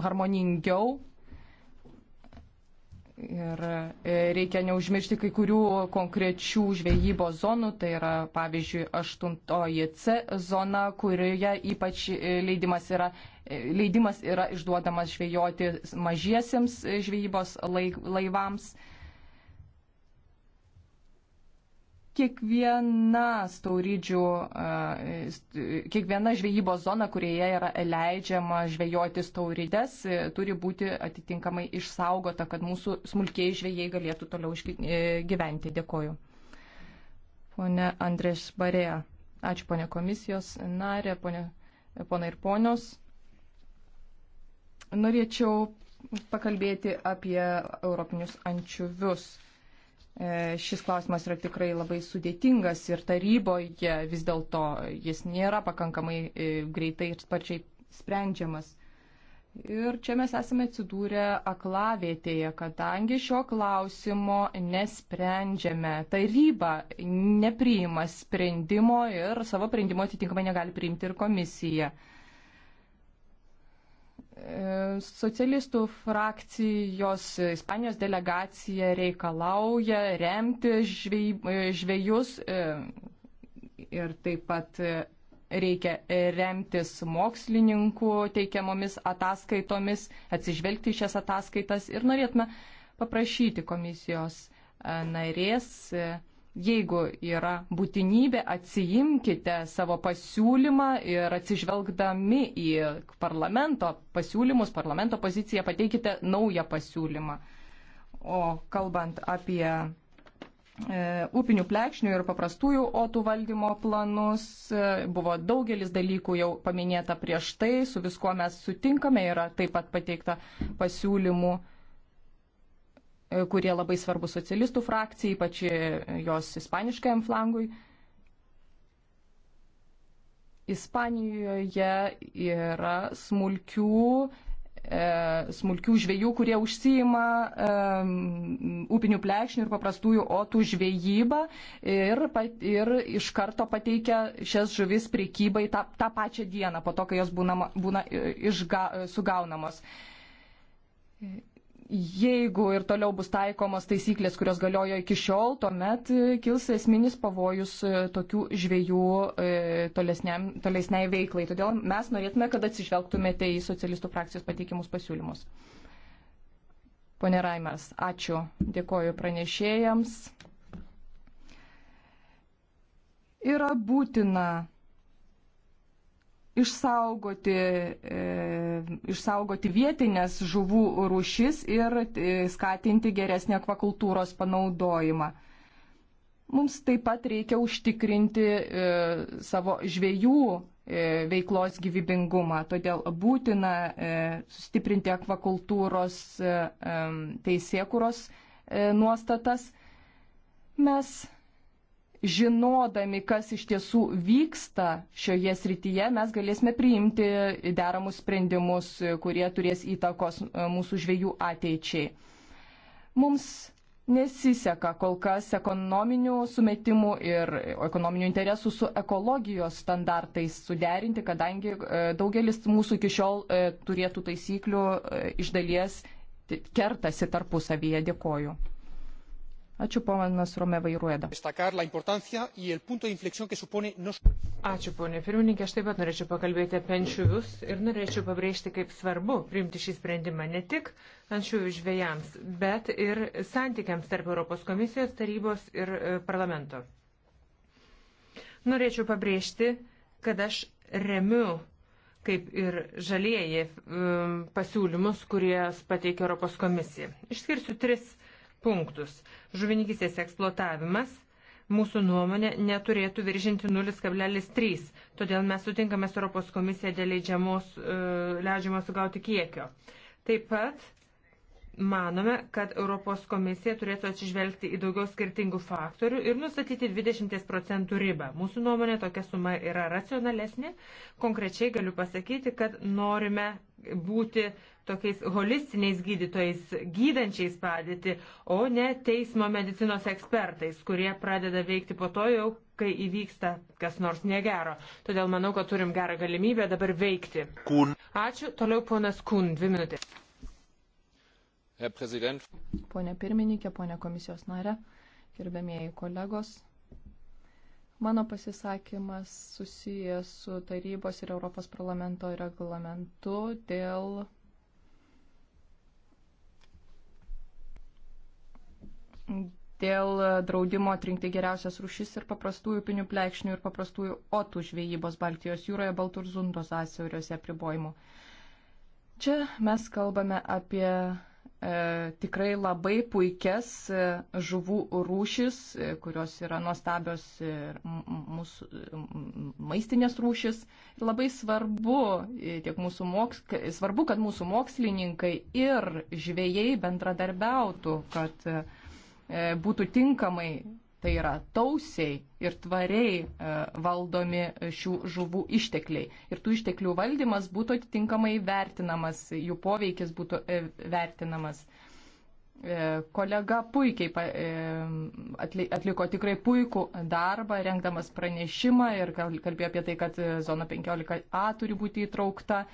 harmoningiau Ir e, reikia neužmiršti kai kurių konkrečių žvejybos zonų, tai yra pavyzdžiui 8 C zona, kurioje ypač e, leidimas yra, e, leidimas yra išduodamas žvejoti mažiesiems žvejybos laivams. kiekviena staurydžių, kiekviena žvejybos zona, kurioje yra leidžiama žvejoti staurydės, e, turi būti atitinkamai išsaugota, kad mūsų smulkiai žvėjai galėtų toliau e, gyventi. Dėkoju. Pone Andrės Barėja. Ačiū, ponė komisijos narė, ponė, ponai ir ponios. Norėčiau pakalbėti apie europinius ančiuvius. E, šis klausimas yra tikrai labai sudėtingas ir taryboje vis dėlto jis nėra pakankamai e, greitai ir sparčiai sprendžiamas. Ir čia mes esame atsidūrę aklavietėje, kadangi šio klausimo nesprendžiame. Taryba nepriima sprendimo ir savo sprendimo atitinkamai negali priimti ir komisija socialistų frakcijos Ispanijos delegacija reikalauja remti žvėjus e, ir taip pat reikia remtis mokslininkų teikiamomis ataskaitomis, atsižvelgti šias ataskaitas ir norėtume paprašyti komisijos e, narės e, Jeigu yra būtinybė, atsijimkite savo pasiūlymą ir atsižvelgdami į parlamento pasiūlymus, parlamento poziciją, pateikite naują pasiūlymą. O kalbant apie e, upinių plekšnių ir paprastųjų otų valdymo planus. E, buvo daugelis dalykų jau paminėta prieš tai, su viskuo mes sutinkame, yra taip pat pateikta pasiūlymų kurie labai svarbu socialistų frakcijai, ypač jos ispaniškajam flangui. Ispanijoje yra smulkių, e, smulkių žvėjų, kurie užsijima e, upinių plekšnių ir paprastųjų otų žvėjybą ir, ir iš karto pateikia šias žuvis priekybai tą, tą pačią dieną, po to, kai jos būna, būna e, išga, e, sugaunamos jeigu ir toliau bus taikomas taisyklės, kurios galiojo iki šiol, tuomet e, kils esminis pavojus e, tokių žviejų e, tolesniai veiklai. Todėl mes norėtume, kad atsižvelgtumėte į socialistų frakcijos pateikimus pasiūlymus. Pone Raimers, ačiū. Dėkoju pranešėjams. Yra būtina išsaugoti, e, išsaugoti vietinės žuvų rūšis ir e, skatinti geresnį akvakultūros panaudojimą. Mums taip pat reikia užtikrinti e, savo žvėjų veiklos gyvybingumą, todėl būtina sustiprinti akvakultūros teisėkuros nuostatas. Mes žinodami, kas iš tiesų vyksta šioje srityje, mes galėsime priimti deramus sprendimus, kurie turės įtakos e, mūsų žvėjų ateičiai. Mums nesiseka kol kas ekonominių sumetimų ir ekonominių interesų su ekologijos standartais suderinti, kadangi e, daugelis mūsų iki šiol e, turėtų taisyklių iš dalies kertasi tarpusavyje. Dėkoju. Ačiū ponas Romevai Rueda. Ačiū ponė pirmininkė, aš taip pat norėčiau pakalbėti apie ančiuvius ir norėčiau pabrėžti, kaip svarbu priimti šį sprendimą ne tik ančiuvių žvėjams, bet ir santykiams tarp Europos komisijos, tarybos ir e, parlamento. Norėčiau pabrėžti, kad aš remiu kaip ir žalieji e, pasiūlymus, kurie pateikė Europos komisija. Išskirsiu tris punktus. Žuvininkystės eksploatavimas mūsų nuomonė neturėtų viršinti 0,3, todėl mes sutinkame su Europos komisija dėl e, leidžiamo sugauti kiekio. Taip pat Manome, kad Europos komisija turėtų atsižvelgti į daugiau skirtingų faktorių ir nustatyti 20 procentų ribą. Mūsų nuomonė tokia suma yra racionalesnė. Konkrečiai galiu pasakyti, kad norime būti tokiais holistiniais gydytojais, gydančiais padėti, o ne teismo medicinos ekspertais, kurie pradeda veikti po to jau, kai įvyksta kas nors negero. Todėl manau, kad turim gerą galimybę dabar veikti. Kun. Ačiū. Toliau ponas Kun, dvi minutės. Pone pirmininkė, pone komisijos nare, gerbėmieji kolegos. Mano pasisakymas susijęs su tarybos ir Europos parlamento reglamentu dėl dėl draudimo atrinkti geriausias rušis ir paprastųjų pinių plekšnių ir paprastųjų otų žvejybos Baltijos jūroje, Balturzundos asiauriuose apribojimų. Čia mes kalbame apie E, tikrai labai puikias e, žuvų rūšis, e, kurios yra nuostabios mūsų maistinės rūšis. Ir labai svarbu, moks, svarbu, kad mūsų mokslininkai ir žvėjai bendradarbiautų, kad būtų tinkamai tai yra tausiai ir tvariai e, valdomi šių žuvų ištekliai. Ir tų išteklių valdymas būtų atitinkamai vertinamas, jų poveikis būtų e, vertinamas. E, kolega puikiai atliko tikrai puikų darbą, rengdamas pranešimą ir kalbėjo apie tai, kad zona 15A turi būti įtraukta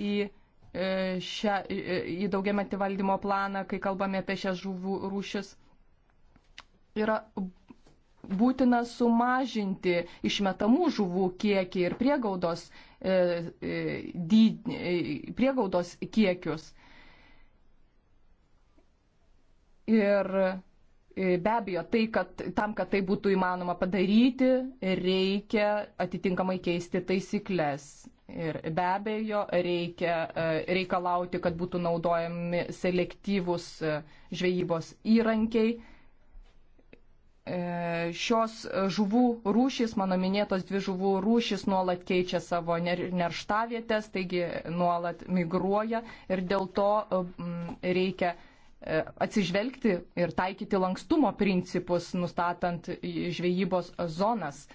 į šią, į daugiametį valdymo planą, kai kalbame apie šias žuvų rūšis. Yra būtina sumažinti išmetamų žuvų kiekį ir priegaudos, e, e, dy, e, priegaudos kiekius. Ir e, be abejo, tai, kad, tam, kad tai būtų įmanoma padaryti, reikia atitinkamai keisti taisyklės. Ir be abejo, reikia e, reikalauti, kad būtų naudojami selektyvus e, žvejybos įrankiai E, šios žuvų rūšys, mano minėtos dvi žuvų rūšys nuolat keičia savo nerštavietės, taigi nuolat migruoja ir dėl to e, reikia e, atsižvelgti ir taikyti lankstumo principus, nustatant žvejybos zonas.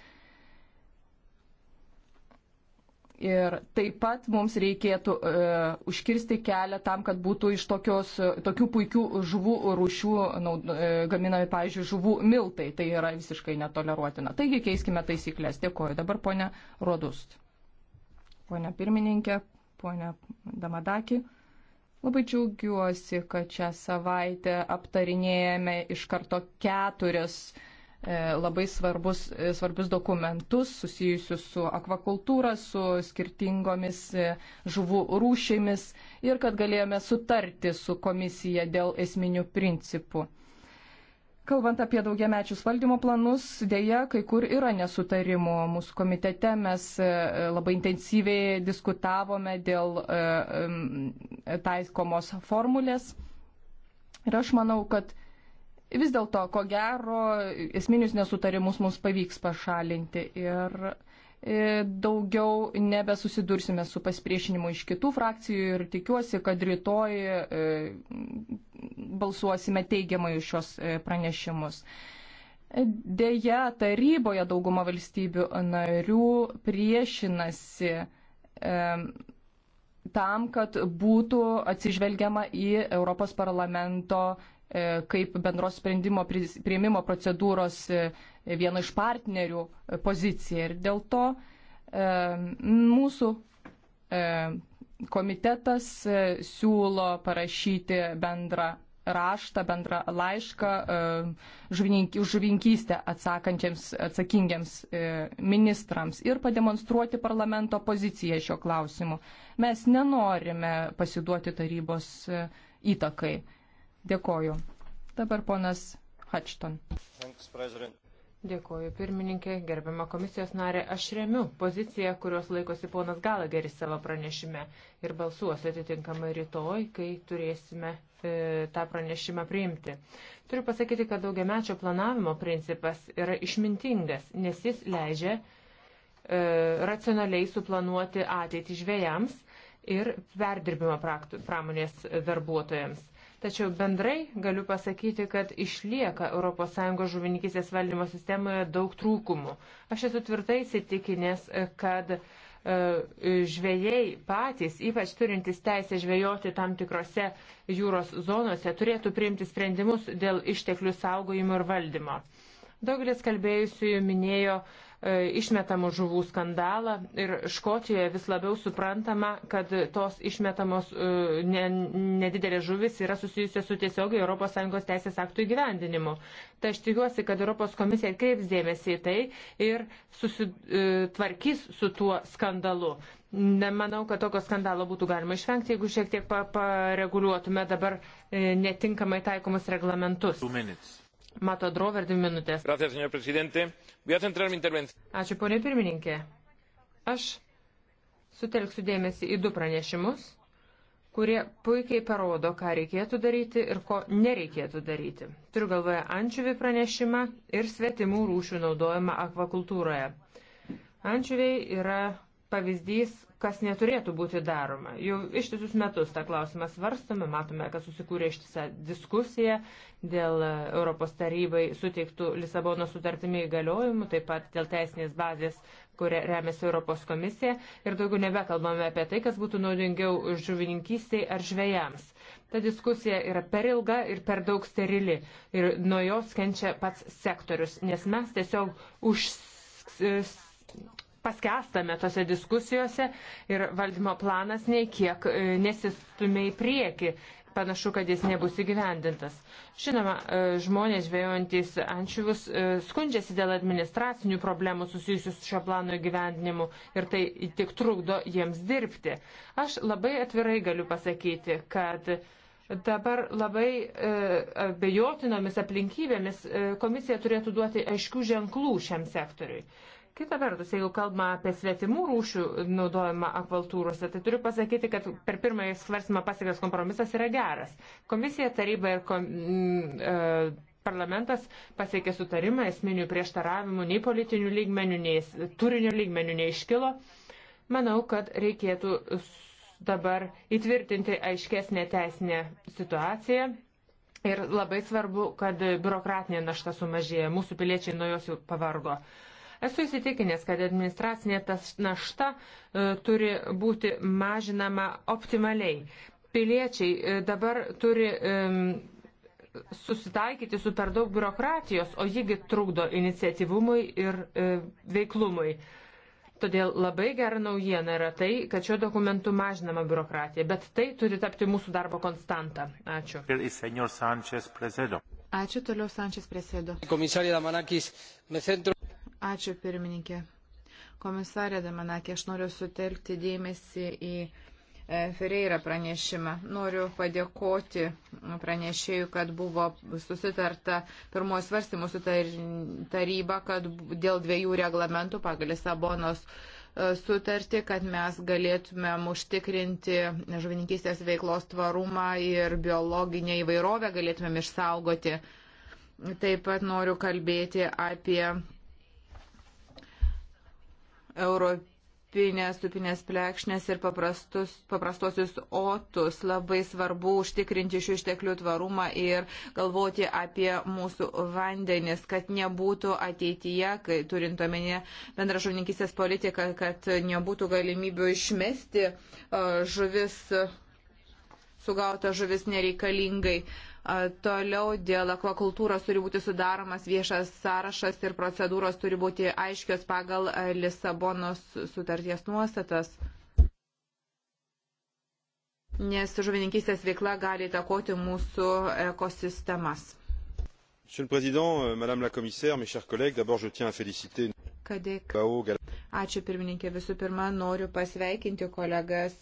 Ir taip pat mums reikėtų e, užkirsti kelią tam, kad būtų iš tokios, e, tokių puikių žuvų rūšių naud, e, gaminami, pavyzdžiui, žuvų miltai. Tai yra visiškai netoleruotina. Taigi keiskime taisyklės. Dėkuoju. Dabar ponia Rodust. Ponia pirmininkė, ponia Damadaki. Labai džiaugiuosi, kad šią savaitę aptarinėjame iš karto keturias E, labai svarbus, e, svarbius dokumentus susijusius su akvakultūra, su skirtingomis e, žuvų rūšimis ir kad galėjome sutarti su komisija dėl esminių principų. Kalbant apie daugiamečius valdymo planus, dėja, kai kur yra nesutarimų. Mūsų komitete mes labai intensyviai diskutavome dėl taikomos formulės. Ir aš manau, kad vis dėlto, ko gero, esminius nesutarimus mums pavyks pašalinti ir e, daugiau nebesusidursime su pasipriešinimu iš kitų frakcijų ir tikiuosi, kad rytoj e, balsuosime teigiamai už šios e, pranešimus. Deja, taryboje dauguma valstybių narių priešinasi tam, kad būtų atsižvelgiama į Europos parlamento E, kaip bendros sprendimo prieimimo procedūros e, vieno iš partnerių e, poziciją. Ir dėl to mūsų komitetas siūlo parašyti bendrą raštą, bendrą laišką žuvinkystę atsakingiams ministrams ir pademonstruoti parlamento poziciją šio klausimu. Mes nenorime pasiduoti tarybos įtakai. Dėkoju. Dabar ponas Hatchton. Dėkoju, pirmininkė, gerbiama komisijos narė. Aš remiu poziciją, kurios laikosi ponas Galageris savo pranešime ir balsuosiu atitinkamai rytoj, kai turėsime e, tą pranešimą priimti. Turiu pasakyti, kad daugiamečio planavimo principas yra išmintingas, nes jis leidžia e, racionaliai suplanuoti ateitį žvėjams ir perdirbimo pramonės darbuotojams. Tačiau bendrai galiu pasakyti, kad išlieka ES žuvininkysės valdymo sistemoje daug trūkumų. Aš esu tvirtai įsitikinęs, kad e, žvėjai patys, ypač turintys teisę žvėjoti tam tikrose jūros zonose, turėtų priimti sprendimus dėl išteklių saugojimo ir valdymo. Daugelis kalbėjusiųjų minėjo uh, E, išmetamų žuvų skandalą ir Škotijoje vis labiau suprantama, kad tos išmetamos e, nedidelės žuvis yra susijusios su tiesiogiai ES teisės aktų įgyvendinimu. Tai aš tikiuosi, kad Europos komisija atkreips dėmesį į tai ir susitvarkys su tuo skandalu. Nemanau, kad tokio skandalo būtų galima išvengti, jeigu šiek tiek pareguliuotume dabar e, netinkamai taikomus reglamentus. Mato Drover, dvi minutės. Ačiū, ponė pirmininkė. Aš sutelksiu dėmesį į du pranešimus, kurie puikiai parodo, ką reikėtų daryti ir ko nereikėtų daryti. Turiu galvoje ančiuvių pranešimą ir svetimų rūšių naudojimą akvakultūroje. Ančiuviai yra pavyzdys, kas neturėtų būti daroma. Jau ištisus metus tą klausimą svarstame, matome, kad susikūrė ištisą diskusiją dėl Europos tarybai suteiktų Lisabono sutartimi įgaliojimų, taip pat dėl teisinės bazės, kuria remiasi Europos komisija ir daugiau nebekalbame apie tai, kas būtų naudingiau žuvininkystiai ar žvėjams. Ta diskusija yra per ilga ir per daug sterili ir nuo jos kenčia pats sektorius, nes mes tiesiog užsikrėtėme paskestame tose diskusijose ir valdymo planas nei kiek e, nesistumė į priekį. Panašu, kad jis nebus įgyvendintas. Žinoma, e, žmonės žvėjojantys ančiuvius e, skundžiasi dėl administracinių problemų susijusių su šio plano įgyvendinimu ir tai tik trukdo jiems dirbti. Aš labai atvirai galiu pasakyti, kad dabar labai abejotinomis aplinkybėmis komisija turėtų duoti aiškių ženklų šiam sektoriui. Kita vertus, jeigu kalbame apie svetimų rūšių naudojimą akvaltūrose, tai turiu pasakyti, kad per pirmąjį svarstymą pasiektas kompromisas yra geras. Komisija, taryba ir kom, mm, e, parlamentas pasiekė sutarimą, esminių prieštaravimų nei politinių lygmenių, nei turinio lygmenių neiškilo. Manau, kad reikėtų dabar įtvirtinti aiškesnę teisinę situaciją. Ir labai svarbu, kad biurokratinė našta sumažėja, mūsų piliečiai nuo jos jau pavargo. Esu įsitikinęs, kad administracinė tas našta e, turi būti mažinama optimaliai. Piliečiai e, dabar turi. E, susitaikyti su per daug biurokratijos, o jigi trukdo iniciatyvumui ir e, veiklumui. Todėl labai gera naujiena yra tai, kad šio dokumentu mažinama biurokratija, bet tai turi tapti mūsų darbo konstanta. Ačiū. Ačiū toliau Sančias Presedo. Komisarė Damanakis, me centro. Ačiū pirmininkė. Komisarė Damanakė, aš noriu sutelkti dėmesį į e, Ferreira pranešimą. Noriu padėkoti pranešėjų, kad buvo susitarta pirmojo svarstymų su taryba, kad dėl dviejų reglamentų pagal Lisabonos e, sutartį, kad mes galėtumėm užtikrinti žuvininkystės veiklos tvarumą ir biologinę įvairovę galėtumėm išsaugoti. Taip pat noriu kalbėti apie europinės upinės plekšnės ir paprastus, paprastosius otus. Labai svarbu užtikrinti šių išteklių tvarumą ir galvoti apie mūsų vandenis, kad nebūtų ateityje, kai turint omenyje bendra žuvininkysės politika, kad nebūtų galimybių išmesti žuvis, sugautą žuvis nereikalingai. Uh, Toliau dėl akvakultūros turi būti sudaromas viešas sąrašas ir procedūros turi būti aiškios pagal Lisabonos sutarties nuostatas. Nes žuvininkystės veikla gali įtakoti mūsų ekosistemas monsieur le président euh, madame la commissaire mes chers collègues d'abord je tiens à féliciter Kadek. Ačiū pirmininkė. Visų pirma, noriu pasveikinti kolegas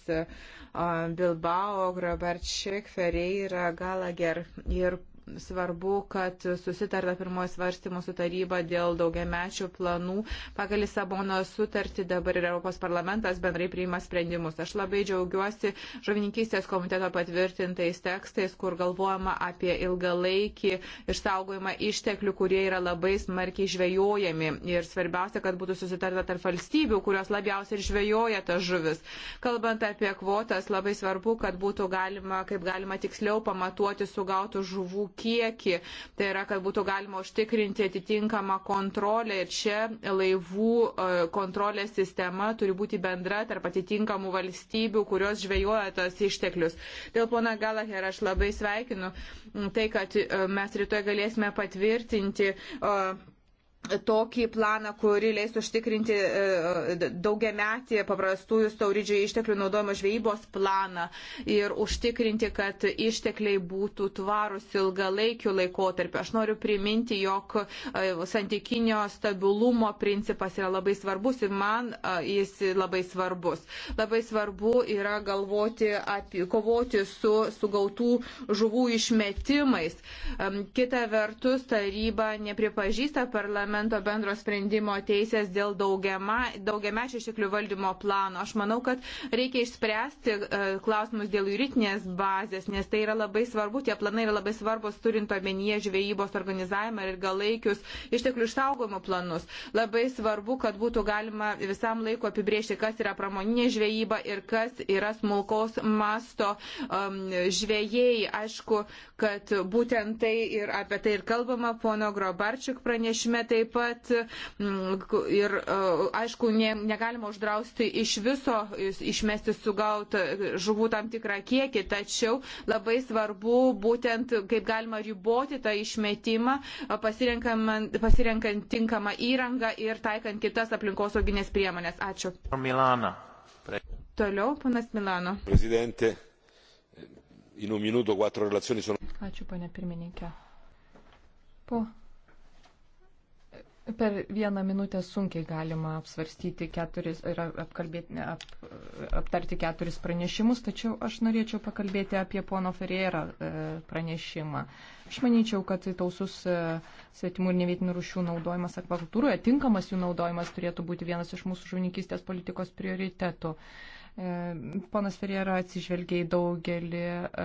Bilbao, Grabarčik, Ferreira, Galager ir svarbu, kad susitarta pirmoji svarstymų su taryba dėl daugiamečių planų. Pagal Lisabono sutartį dabar ir Europos parlamentas bendrai priima sprendimus. Aš labai džiaugiuosi žuvininkystės komiteto patvirtintais tekstais, kur galvojama apie ilgalaikį išsaugojimą išteklių, kurie yra labai smarkiai žvejojami. Ir svarbiausia, kad būtų susitarta tarp valstybių, kurios labiausiai žvejoja tas žuvis. Kalbant apie kvotas, labai svarbu, kad būtų galima, kaip galima tiksliau pamatuoti sugautų žuvų kiekį, tai yra, kad būtų galima užtikrinti atitinkamą kontrolę ir čia laivų e, kontrolės sistema turi būti bendra tarp atitinkamų valstybių, kurios žvejoja tos išteklius. Dėl pona Galaher aš labai sveikinu tai, kad e, mes rytoj galėsime patvirtinti uh, tokį planą, kuri leis užtikrinti e, daugiametį paprastųjų stauridžių išteklių naudojimo žvejybos planą ir užtikrinti, kad ištekliai būtų tvarus ilgalaikiu laikotarpiu. Aš noriu priminti, jog e, santykinio stabilumo principas yra labai svarbus ir man e, jis labai svarbus. Labai svarbu yra galvoti apie kovoti su sugautų žuvų išmetimais. Kita vertus, taryba nepripažįsta parlamentą parlamento bendro sprendimo teisės dėl daugiamečio išteklių valdymo plano. Aš manau, kad reikia išspręsti e, klausimus dėl juridinės bazės, nes tai yra labai svarbu, tie planai yra labai svarbus turint omenyje žvejybos organizavimą ir galaikius išteklių išsaugojimo planus. Labai svarbu, kad būtų galima visam laiko apibriežti, kas yra pramoninė žvejyba ir kas yra smulkaus masto um, žvėjai. Aišku, kad būtent tai ir apie tai ir kalbama pono Grobarčiuk pranešime. Tai taip pat mm, ir, e, aišku, ne, negalima uždrausti iš viso išmesti sugautą e, žuvų tam tikrą kiekį, tačiau labai svarbu būtent kaip galima riboti tą išmetimą, e, pasirenkant, pasirenkant tinkamą įrangą ir taikant kitas aplinkosauginės priemonės. Ačiū. Milana. Pre... Toliau, panas Milano. Prezidentė, in un minuto quattro relazioni sono. Ačiū, pane pirmininkė. Po Per vieną minutę sunkiai galima apsvarstyti keturis ir apkalbėti, ap, aptarti keturis pranešimus, tačiau aš norėčiau pakalbėti apie pono Ferreira e, pranešimą. Aš manyčiau, kad tausus e, svetimų ir nevietinių rūšių naudojimas akvakultūroje, tinkamas jų naudojimas turėtų būti vienas iš mūsų žuvininkystės politikos prioritetų. E, Panas Ferjero atsižvelgia į daugelį e,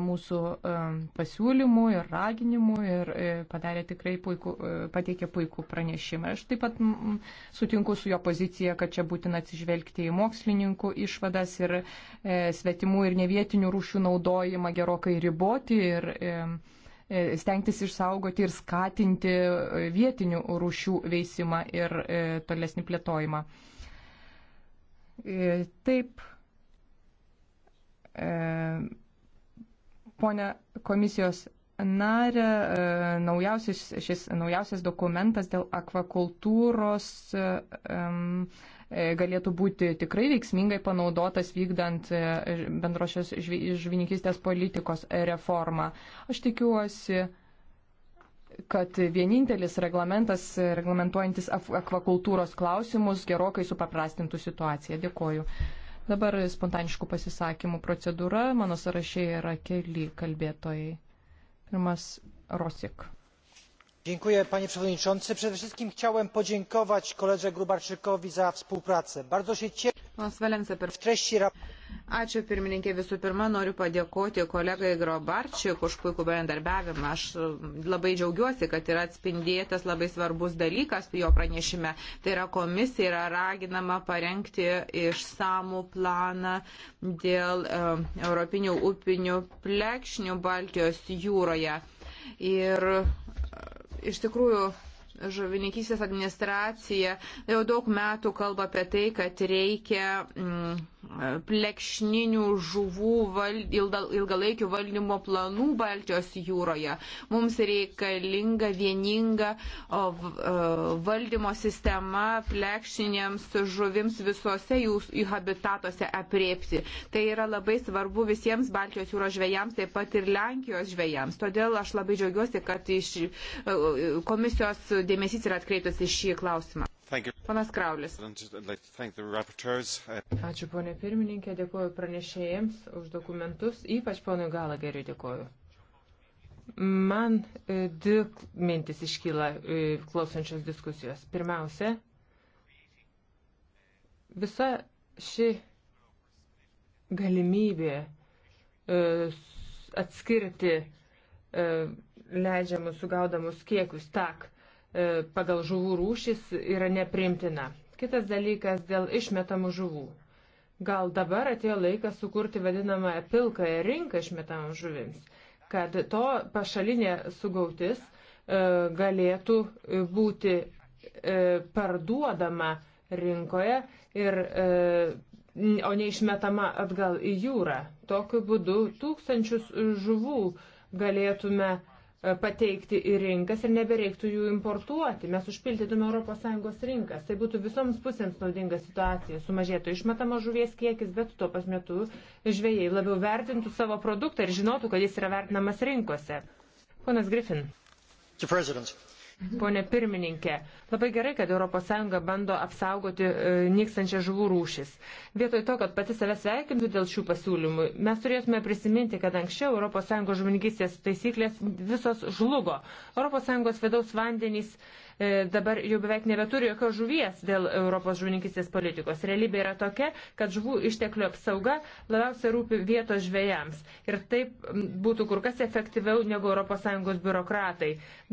mūsų e, pasiūlymų ir raginimų ir padarė tikrai puikų, pateikė puikų pranešimą. Aš taip pat sutinku su jo pozicija, kad čia būtina atsižvelgti į mokslininkų išvadas ir svetimų ir nevietinių rūšių naudojimą gerokai riboti ir stengtis išsaugoti ir skatinti vietinių rūšių veisimą ir tolesnį plėtojimą. E, taip, e, ponia komisijos narė, e, naujausias, šis naujausias dokumentas dėl akvakultūros galėtų būti tikrai veiksmingai panaudotas vykdant bendrošios žvininkistės politikos reformą. Aš tikiuosi, kad vienintelis reglamentas, reglamentuojantis akvakultūros klausimus, gerokai supaprastintų situaciją. Dėkoju. Dabar spontaniškų pasisakymų procedūra. Mano sąrašė yra keli kalbėtojai. Pirmas Rosik przede wszystkim chciałem podziękować koledze gróbarczykowi za współpracę. bardzo się cieszę że w treści sprawozdania. visų pirma noriu padėkoti kolegai grobarczyk už puikų bendradarbiavimą. aš e, labai džiaugiuosi kad yra atspindėtas labai svarbus dalykas jo pranešime. tai yra komisija yra raginama parengti išsamų planą dėl uh, europinių upinių plekšnių baltijos jūroje. ir iš tikrųjų žuvininkystės administracija jau daug metų kalba apie tai, kad reikia. Mm, plekšninių žuvų val, ilgalaikių valdymo planų Baltijos jūroje. Mums reikalinga vieninga e, valdymo sistema plekšninėms žuvims visose jų habitatuose apriepti. Tai yra labai svarbu visiems Baltijos jūros žvėjams, taip pat ir Lenkijos žvėjams. Todėl aš labai džiaugiuosi, kad iš e, e, komisijos dėmesys yra atkreiptas į šį klausimą. Panas Kraulis. Ačiū ponė pirmininkė, dėkuoju pranešėjams už dokumentus, ypač ponui Galageriui dėkuoju. Man e, dvi mintis iškyla e, klausančios diskusijos. Pirmiausia, visa ši galimybė e, atskirti leidžiamus sugaudamus kiekius, tak, E, pagal žuvų rūšis yra neprimtina. Kitas dalykas dėl išmetamų žuvų. Gal dabar atėjo laikas sukurti vadinamą pilkąją rinką išmetamų žuvims, kad to pašalinė sugautis e, galėtų būti e, parduodama rinkoje ir o neišmetama atgal į jūrą. Tokiu būdu tūkstančius žuvų galėtume pateikti į rinkas ir nebereiktų jų importuoti. Mes užpildytume ES rinkas. Tai būtų visoms pusėms naudinga situacija. Sumažėtų išmetama žuvies kiekis, bet tuo pat metu žvėjai labiau vertintų savo produktą ir žinotų, kad jis yra vertinamas rinkose. Ponas Griffin. Pone pirmininkė, labai gerai, kad ES bando apsaugoti e, nykstančią žuvų rūšis. Vietoj to, kad pati save sveikintų dėl šių pasiūlymų, mes turėtume prisiminti, kad anksčiau ES žuvininkystės taisyklės visos žlugo. ES vidaus vandenys E, dabar jau beveik nebeturi jokios žuvies dėl Europos žuvininkistės politikos. Realybė yra tokia, kad žuvų išteklių apsauga labiausiai rūpi vietos žvėjams. Ir taip būtų kur kas efektyviau negu ES biurokratai.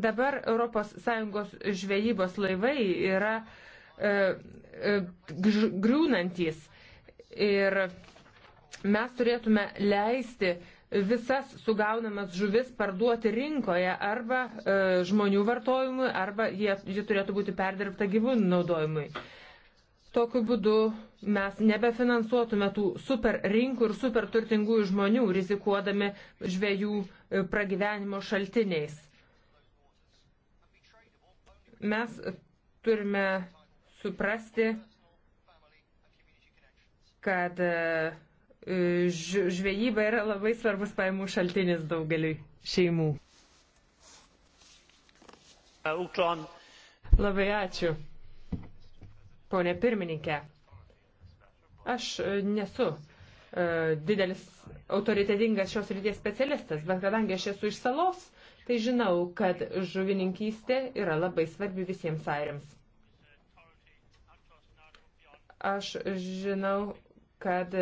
Dabar ES žvejybos laivai yra e, e, griūnantis. Ir mes turėtume leisti visas sugaunamas žuvis parduoti rinkoje arba e, žmonių vartojimui, arba jie, jie turėtų būti perdirbta gyvūnų naudojimui. Tokiu būdu mes nebefinansuotume tų super rinkų ir super turtingųjų žmonių, rizikuodami žvėjų e, pragyvenimo šaltiniais. Mes turime suprasti, kad e, žvejyba yra labai svarbus pajamų šaltinis daugeliui šeimų. Uklon. Labai ačiū. Pone pirmininkė, aš e, nesu e, didelis autoritetingas šios ryties specialistas, bet kadangi aš esu iš salos, tai žinau, kad žuvininkystė yra labai svarbi visiems airiams. Aš žinau, kad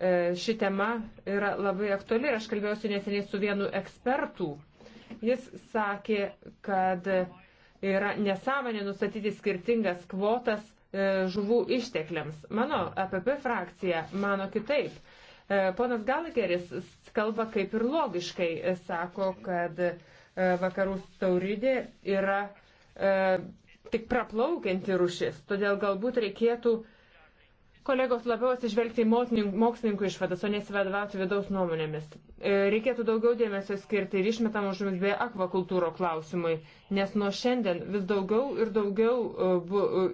E, ši tema yra labai aktuali ir aš kalbėjausi neseniai su vienu ekspertų. Jis sakė, kad yra nesąmonė nustatyti skirtingas kvotas e, žuvų ištekliams. Mano APP frakcija mano kitaip. E, ponas Galageris kalba kaip ir logiškai, sako, kad vakarų tauridė yra tik praplaukianti rušis, todėl galbūt reikėtų uh, kolegos labiau atsižvelgti į mokslininkų išvadas, o nesivadovauti vidaus nuomonėmis. E, reikėtų daugiau dėmesio skirti ir išmetamų žuvis bei akvakultūro klausimui, nes nuo šiandien vis daugiau ir daugiau e,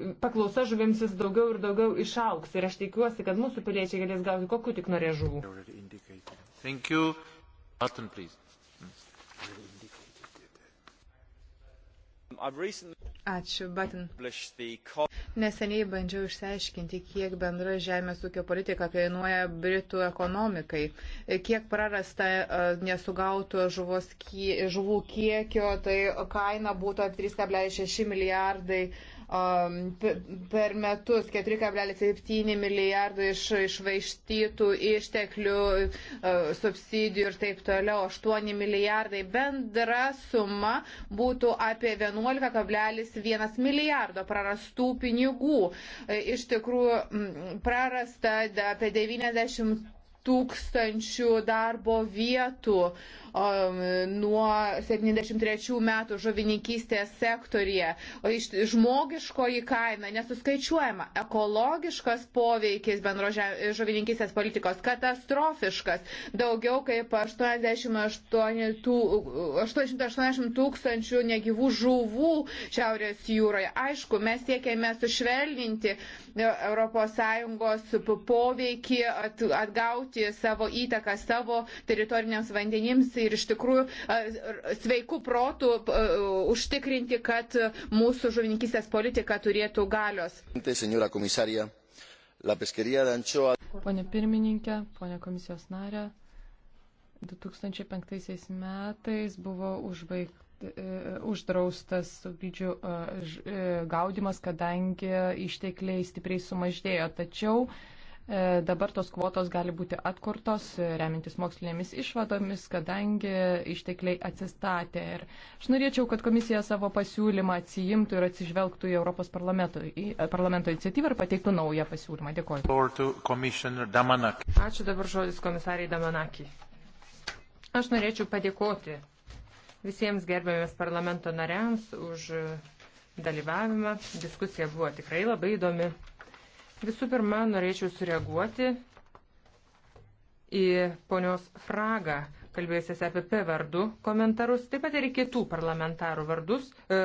e, paklausa žuvims vis daugiau ir daugiau išauks. Ir aš tikiuosi, kad mūsų piliečiai galės gauti kokiu tik norė žuvų. Martin, please. Ačiū, Batin. Neseniai bandžiau išsiaiškinti, kiek bendra žemės ūkio politika kainuoja Britų ekonomikai, kiek prarasta e, nesugautų žuvos, žuvų kiekio, tai kaina būtų 3,6 milijardai per metus 4,7 milijardų iš, išvaištytų išteklių, e, subsidijų ir taip toliau, 8 milijardai. Bendra suma būtų apie 11,1 milijardo prarastų pinigų. E, iš tikrųjų, prarasta apie 90 tūkstančių darbo vietų. Uh, nuo 73 metų žuvininkystės sektorija. O iš žmogiškoji kaina nesuskaičiuojama. Ekologiškas poveikis bendro žuvininkystės politikos katastrofiškas. Daugiau kaip 88 tų, 880 tūkstančių negyvų žuvų Šiaurės jūroje. Aišku, mes siekėme sušvelninti ES poveikį, atgauti savo įtaką savo teritoriniams vandenims ir iš tikrųjų sveikų protų užtikrinti, kad mūsų žuvininkistės politika turėtų galios. Pone pirmininkė, pone komisijos narė, 2005 metais buvo užbaigta e, e, uždraustas sugydžių e, gaudimas, kadangi ištekliai stipriai sumažėjo. Tačiau E, dabar tos kvotos gali būti atkurtos, remintis mokslinėmis išvadomis, kadangi ištekliai atsistatė. Ir aš norėčiau, kad komisija savo pasiūlymą atsijimtų ir atsižvelgtų į Europos parlamento, į e, parlamento iniciatyvą ir pateiktų naują pasiūlymą. Dėkoju. Ačiū dabar žodis komisariai Damanakį. Aš norėčiau padėkoti visiems gerbėmės parlamento nariams už dalyvavimą. Diskusija buvo tikrai labai įdomi. Visų pirma, norėčiau sureaguoti į ponios Fragą, kalbėjusias apie P vardų komentarus, taip pat ir kitų parlamentarų vardus, e,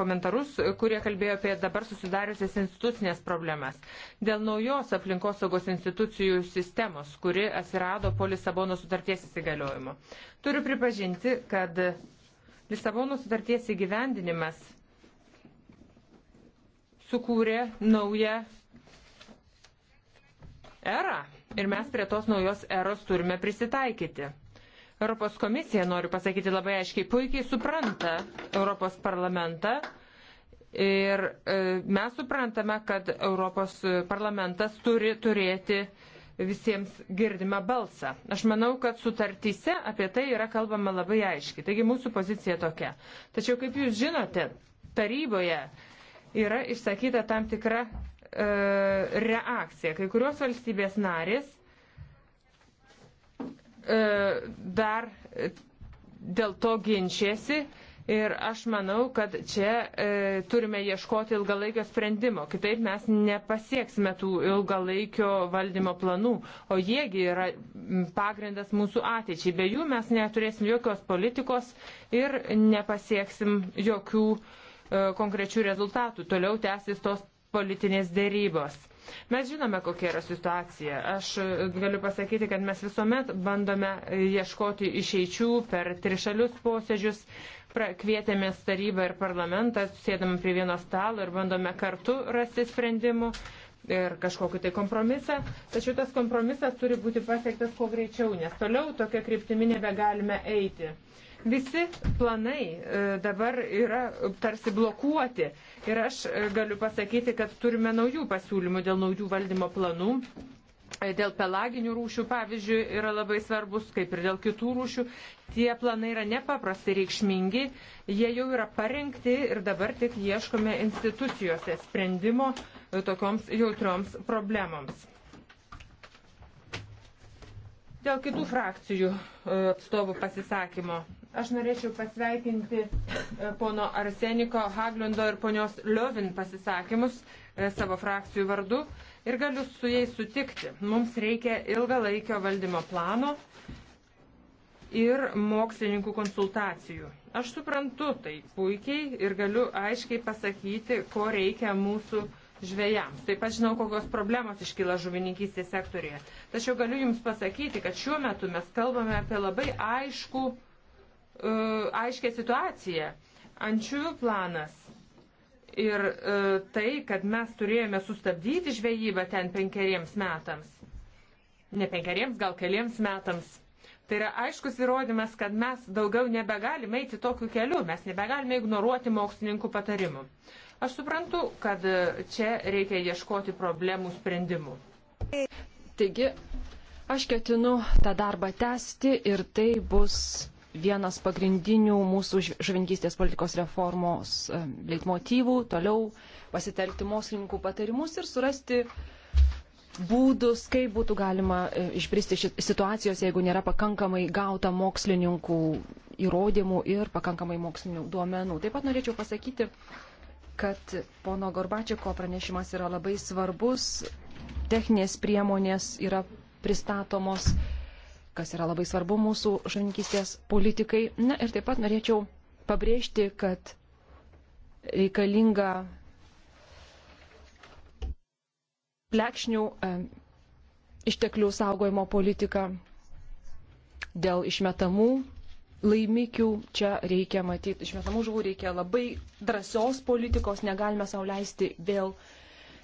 komentarus, kurie kalbėjo apie dabar susidariusias institucinės problemas. Dėl naujos aplinkosaugos institucijų sistemos, kuri atsirado po Lisabono sutarties įsigaliojimo. Turiu pripažinti, kad Lisabono sutarties įgyvendinimas sukūrė naują erą ir mes prie tos naujos eros turime prisitaikyti. Europos komisija, noriu pasakyti labai aiškiai, puikiai supranta Europos parlamentą ir e, mes suprantame, kad Europos parlamentas turi turėti visiems girdimą balsą. Aš manau, kad sutartyse apie tai yra kalbama labai aiškiai. Taigi mūsų pozicija tokia. Tačiau, kaip jūs žinote, taryboje yra išsakyta tam tikra E, reakcija. Kai kurios valstybės narės e, dar dėl to ginčiasi ir aš manau, kad čia e, turime ieškoti ilgalaikio sprendimo, kitaip mes nepasieksime tų ilgalaikio valdymo planų, o jiegi yra pagrindas mūsų ateičiai. Be jų mes neturėsim jokios politikos ir nepasieksim jokių e, konkrečių rezultatų. Toliau tęsis tos politinės dėrybos. Mes žinome, kokia yra situacija. Aš e, galiu pasakyti, kad mes visuomet bandome e, ieškoti išeičių per trišalius posėdžius, kvietėmės tarybą ir parlamentą, sėdam prie vieno stalo ir bandome kartu rasti sprendimų ir kažkokį tai kompromisą. Tačiau tas kompromisas turi būti pasiektas kuo greičiau, nes toliau tokia kryptimi nebegalime eiti. Visi planai e, dabar yra tarsi blokuoti ir aš e, galiu pasakyti, kad turime naujų pasiūlymų dėl naujų valdymo planų e, dėl pelaginių rūšių, pavyzdžiui, yra labai svarbus, kaip ir dėl kitų rūšių. Tie planai yra nepaprastai reikšmingi, jie jau yra parengti ir dabar tik ieškome institucijose sprendimo tokioms jautrioms problemams. Dėl kitų frakcijų atstovų pasisakymo Aš norėčiau pasveikinti e, pono Arseniko Hagliondo ir ponios Liovin pasisakymus e, savo frakcijų vardu ir galiu su jais sutikti. Mums reikia ilgalaikio valdymo plano ir mokslininkų konsultacijų. Aš suprantu tai puikiai ir galiu aiškiai pasakyti, ko reikia mūsų žvėjams. Taip pat žinau, kokios problemos iškyla žuvininkystės sektorėje. Tačiau galiu Jums pasakyti, kad šiuo metu mes kalbame apie labai aišku E, aiškę situaciją. Ančių planas ir e, tai, kad mes turėjome sustabdyti žvejybą ten penkeriems metams. Ne penkeriems, gal keliems metams. Tai yra aiškus įrodymas, kad mes daugiau nebegalime eiti tokiu keliu, mes nebegalime ignoruoti mokslininkų patarimų. Aš suprantu, kad čia reikia ieškoti problemų sprendimų. Taigi, aš ketinu tą darbą tęsti ir tai bus vienas pagrindinių mūsų žuvininkystės politikos reformos e, leitmotyvų, toliau pasitelkti mokslininkų patarimus ir surasti būdus, kaip būtų galima e, išbristi situacijos, jeigu nėra pakankamai gauta mokslininkų įrodymų ir pakankamai mokslinių duomenų. Taip pat norėčiau pasakyti, kad pono Gorbačiako pranešimas yra labai svarbus, techninės priemonės yra pristatomos kas yra labai svarbu mūsų žuvininkystės politikai. Na ir taip pat norėčiau pabrėžti, kad reikalinga plekšnių e, išteklių saugojimo politika dėl išmetamų laimikių. Čia reikia matyti, išmetamų žuvų reikia labai drąsios politikos, negalime sauliaisti vėl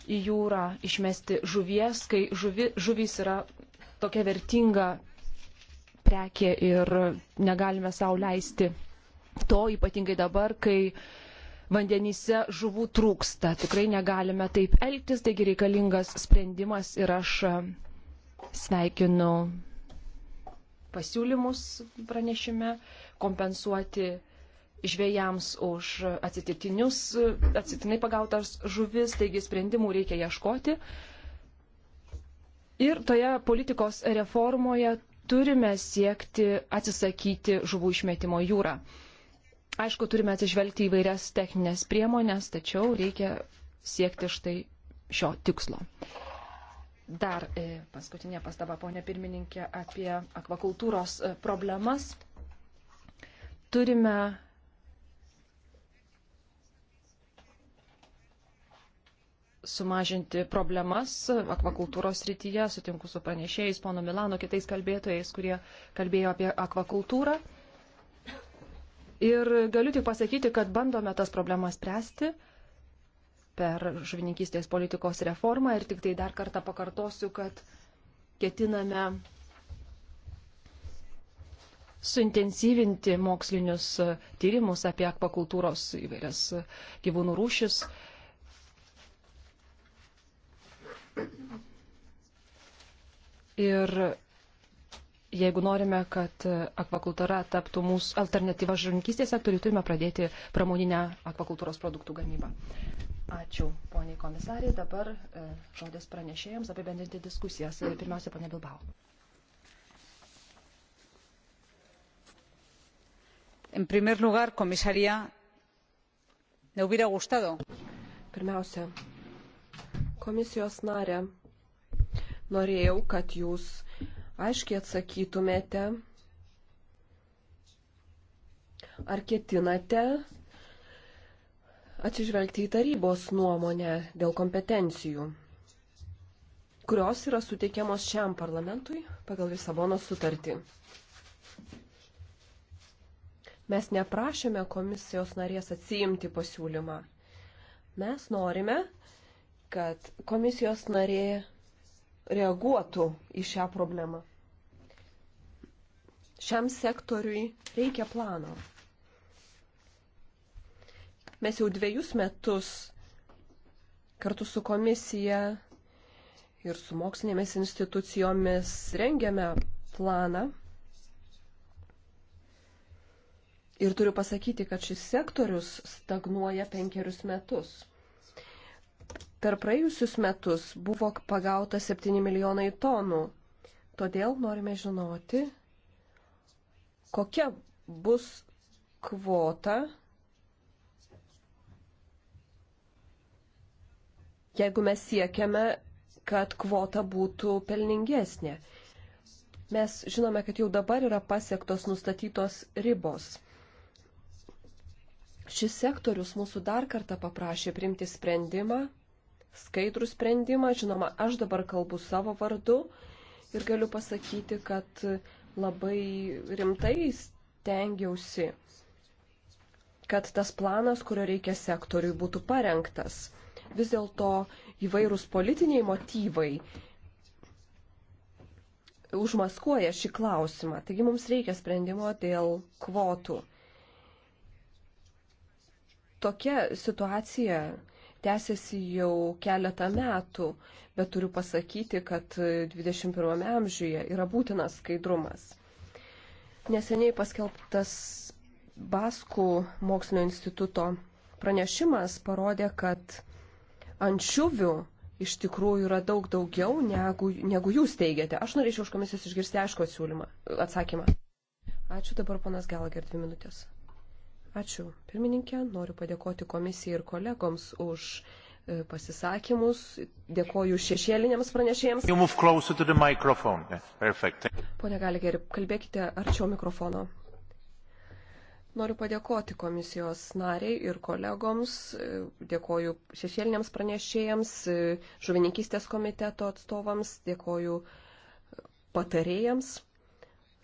į jūrą išmesti žuvies, kai žuvi, žuvis yra tokia vertinga prekė ir negalime sau leisti to, ypatingai dabar, kai vandenyse žuvų trūksta. Tikrai negalime taip elgtis, taigi reikalingas sprendimas ir aš e, sveikinu pasiūlymus pranešime kompensuoti žvėjams už atsitiktinius, atsitiktinai pagautas žuvis, taigi sprendimų reikia ieškoti. Ir toje politikos reformoje turime siekti atsisakyti žuvų išmetimo jūrą. Aišku, turime atsižvelgti įvairias techninės priemonės, tačiau reikia siekti štai šio tikslo. Dar e, paskutinė pastaba, ponė pirmininkė, apie akvakultūros e, problemas. Turime sumažinti problemas akvakultūros rytyje, sutinku su pranešėjais, pono Milano, kitais kalbėtojais, kurie kalbėjo apie akvakultūrą. Ir galiu tik pasakyti, kad bandome tas problemas spręsti per žuvininkystės politikos reformą ir tik tai dar kartą pakartosiu, kad ketiname suintensyvinti mokslinius tyrimus apie akvakultūros įvairias gyvūnų rūšis Ir jeigu norime, kad akvakultūra taptų mūsų alternatyva žuvininkystės sektoriui, turime pradėti pramoninę akvakultūros produktų gamybą. Ačiū, poniai komisariai. Dabar e, žodis pranešėjams apibendrinti diskusijas. E, pirmiausia, ponė Bilbao. En primer lugar, komisarija, me hubiera gustado. Pirmiausia, Komisijos narė, norėjau, kad jūs aiškiai atsakytumėte, ar ketinate atsižvelgti į tarybos nuomonę dėl kompetencijų, kurios yra suteikiamos šiam parlamentui pagal Lisabono sutartį. Mes neprašėme komisijos narės atsiimti pasiūlymą. Mes norime, kad komisijos narė reaguotų į šią problemą. Šiam sektoriui reikia plano. Mes jau dviejus metus kartu su komisija ir su mokslinėmis institucijomis rengiame planą. Ir turiu pasakyti, kad šis sektorius stagnuoja penkerius metus. Per praėjusius metus buvo pagauta 7 milijonai tonų. Todėl norime žinoti, kokia bus kvota, jeigu mes siekiame, kad kvota būtų pelningesnė. Mes žinome, kad jau dabar yra pasiektos nustatytos ribos. Šis sektorius mūsų dar kartą paprašė primti sprendimą skaidrų sprendimą. Žinoma, aš dabar kalbu savo vardu ir galiu pasakyti, kad labai rimtai stengiausi, kad tas planas, kurio reikia sektoriui, būtų parengtas. Vis dėlto įvairūs politiniai motyvai užmaskuoja šį klausimą. Taigi mums reikia sprendimo dėl kvotų. Tokia situacija tęsiasi jau keletą metų, bet turiu pasakyti, kad 21 amžiuje yra būtinas skaidrumas. Neseniai paskelbtas Baskų mokslinio instituto pranešimas parodė, kad ančiuvių iš tikrųjų yra daug daugiau, negu, negu jūs teigiate. Aš norėčiau iš komisijos išgirsti aišku atsakymą. Ačiū dabar, panas Galager, dvi minutės. Ačiū. Pirmininkė, noriu padėkoti komisijai ir kolegoms už e, pasisakymus. Dėkoju šešėliniams pranešėjams. Pone Galigeri, kalbėkite arčiau mikrofono. Noriu padėkoti komisijos nariai ir kolegoms, e, dėkoju šešėliniams pranešėjams, e, žuvininkystės komiteto atstovams, dėkoju patarėjams.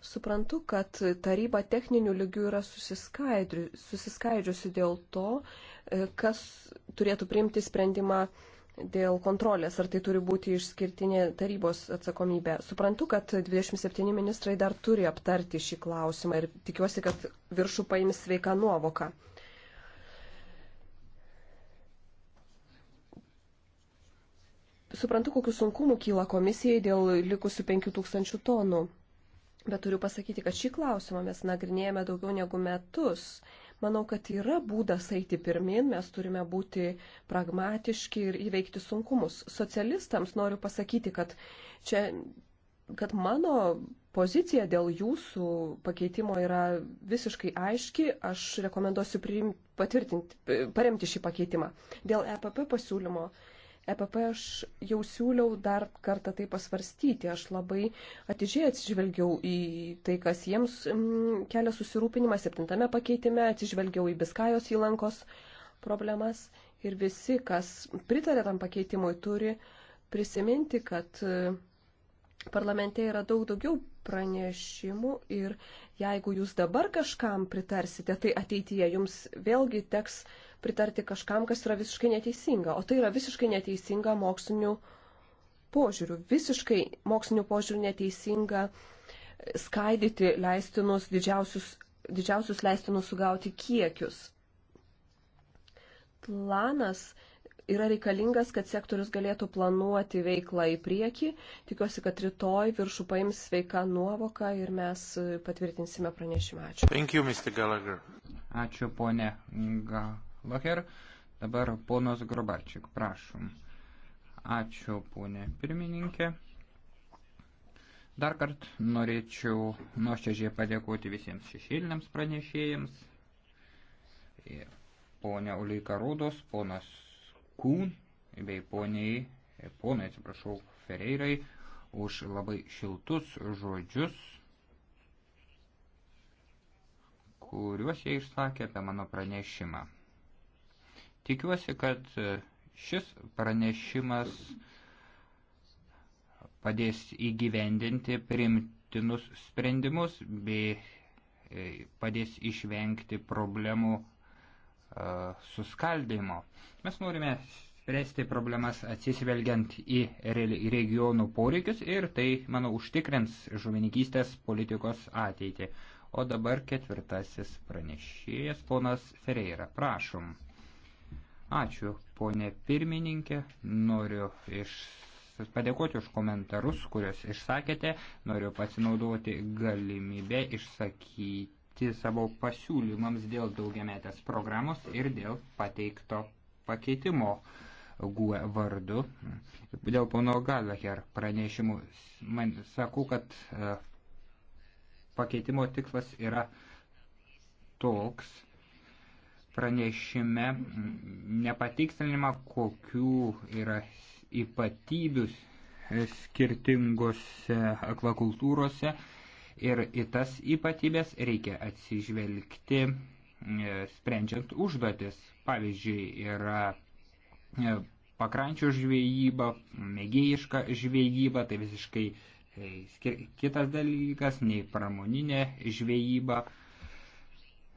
Suprantu, kad taryba techninių lygių yra susiskaidžiusi dėl to, e, kas turėtų priimti sprendimą dėl kontrolės, ar tai turi būti išskirtinė tarybos atsakomybė. Suprantu, kad 27 ministrai dar turi aptarti šį klausimą ir tikiuosi, kad viršų paims sveika nuovoka. Suprantu, kokiu sunkumu kyla komisijai dėl likusių 5000 tonų. Bet turiu pasakyti, kad šį klausimą mes nagrinėjame daugiau negu metus. Manau, kad yra būdas eiti pirmin, mes turime būti pragmatiški ir įveikti sunkumus. Socialistams noriu pasakyti, kad, čia, kad mano pozicija dėl jūsų pakeitimo yra visiškai aiški. Aš rekomenduosiu priimt, patvirtinti, paremti šį pakeitimą. Dėl EPP pasiūlymo EPP aš jau siūliau dar kartą tai pasvarstyti. Aš labai atidžiai atsižvelgiau į tai, kas jiems mm, kelia susirūpinimą. Septintame pakeitime atsižvelgiau į Biskajos įlankos problemas. Ir visi, kas pritarė tam pakeitimui, turi prisiminti, kad e, parlamente yra daug daugiau pranešimų ir jeigu jūs dabar kažkam pritarsite, tai ateityje jums vėlgi teks uh, pritarti kažkam, kas yra visiškai neteisinga. O tai yra visiškai neteisinga mokslinių požiūrių. Visiškai mokslinių požiūrių neteisinga skaidyti leistinus didžiausius, didžiausius leistinus sugauti kiekius. Planas yra reikalingas, kad sektorius galėtų planuoti veiklą į priekį. Tikiuosi, kad rytoj viršų paims sveika nuovoka ir mes patvirtinsime pranešimą. Ačiū. Thank you, Ačiū, ponė Ga Bacher. Dabar ponas Grobarčik, prašom. Ačiū, ponė pirmininkė. Dar kart norėčiau nuoširdžiai padėkoti visiems šešėliniams pranešėjams. Pone Ulika Rudos, ponas Kūn bei poniai, ponai, atsiprašau, Ferreirai už labai šiltus žodžius, kuriuos jie išsakė apie mano pranešimą. Tikiuosi, kad e, šis pranešimas padės įgyvendinti primtinus sprendimus bei e, padės išvengti problemų e, suskaldimo. Mes norime spręsti problemas atsisvelgiant į regionų poreikius ir tai, manau, užtikrins žuvininkystės politikos ateitį. O dabar ketvirtasis pranešėjas, ponas Ferreira. Prašom. Ačiū, ponė pirmininkė. Noriu iš... padėkoti už komentarus, kuriuos išsakėte. Noriu pasinaudoti galimybę išsakyti savo pasiūlymams dėl daugiametės programos ir dėl pateikto pakeitimo GUE vardu. Dėl pono Galacher pranešimų. Man sakau, kad e, pakeitimo tikslas yra toks, pranešime nepatikslinimą, kokių yra ypatybių skirtingose akvakultūrose ir į tas ypatybės reikia atsižvelgti sprendžiant užduotis. Pavyzdžiui, yra e, pakrančių žvejyba, mėgėjiška žvejyba, tai visiškai e, kitas dalykas nei pramoninė žvejyba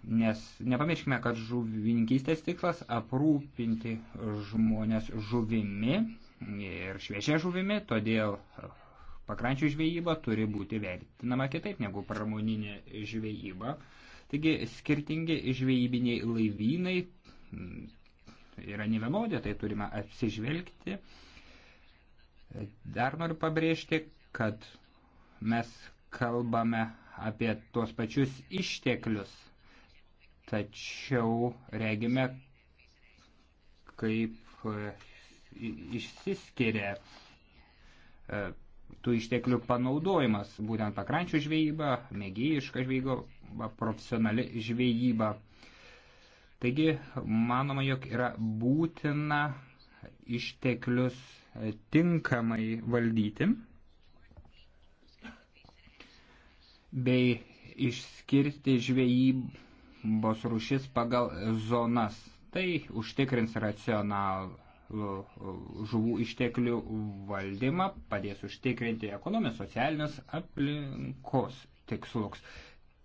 nes nepamirškime, kad žuvininkystės tikslas aprūpinti žmonės žuvimi ir šviežia žuvimi, todėl pakrančių žvejyba turi būti vertinama kitaip negu pramoninė žvejyba. Taigi skirtingi žvejybiniai laivynai yra nevienodė, tai turime apsižvelgti. Dar noriu pabrėžti, kad mes kalbame apie tuos pačius išteklius, tačiau regime, kaip e, išsiskiria e, tų išteklių panaudojimas, būtent pakrančių žvejyba, mėgėjiška žvejyba, profesionali žvejyba. Taigi, manoma, jog yra būtina išteklius e, tinkamai valdyti bei išskirti žvejybą gamybos rūšis pagal zonas. Tai užtikrins racionalų uh, žuvų išteklių valdymą, padės užtikrinti ekonomijos, socialinius aplinkos tikslus.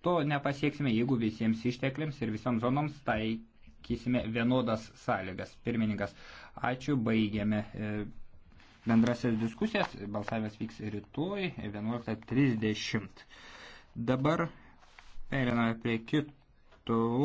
To nepasieksime, jeigu visiems ištekliams ir visoms zonoms taikysime vienodas sąlygas. Pirmininkas, ačiū, baigiame uh, bendrasias diskusijas. Balsavimas vyks rytoj 11.30. Dabar periname prie kitų aktu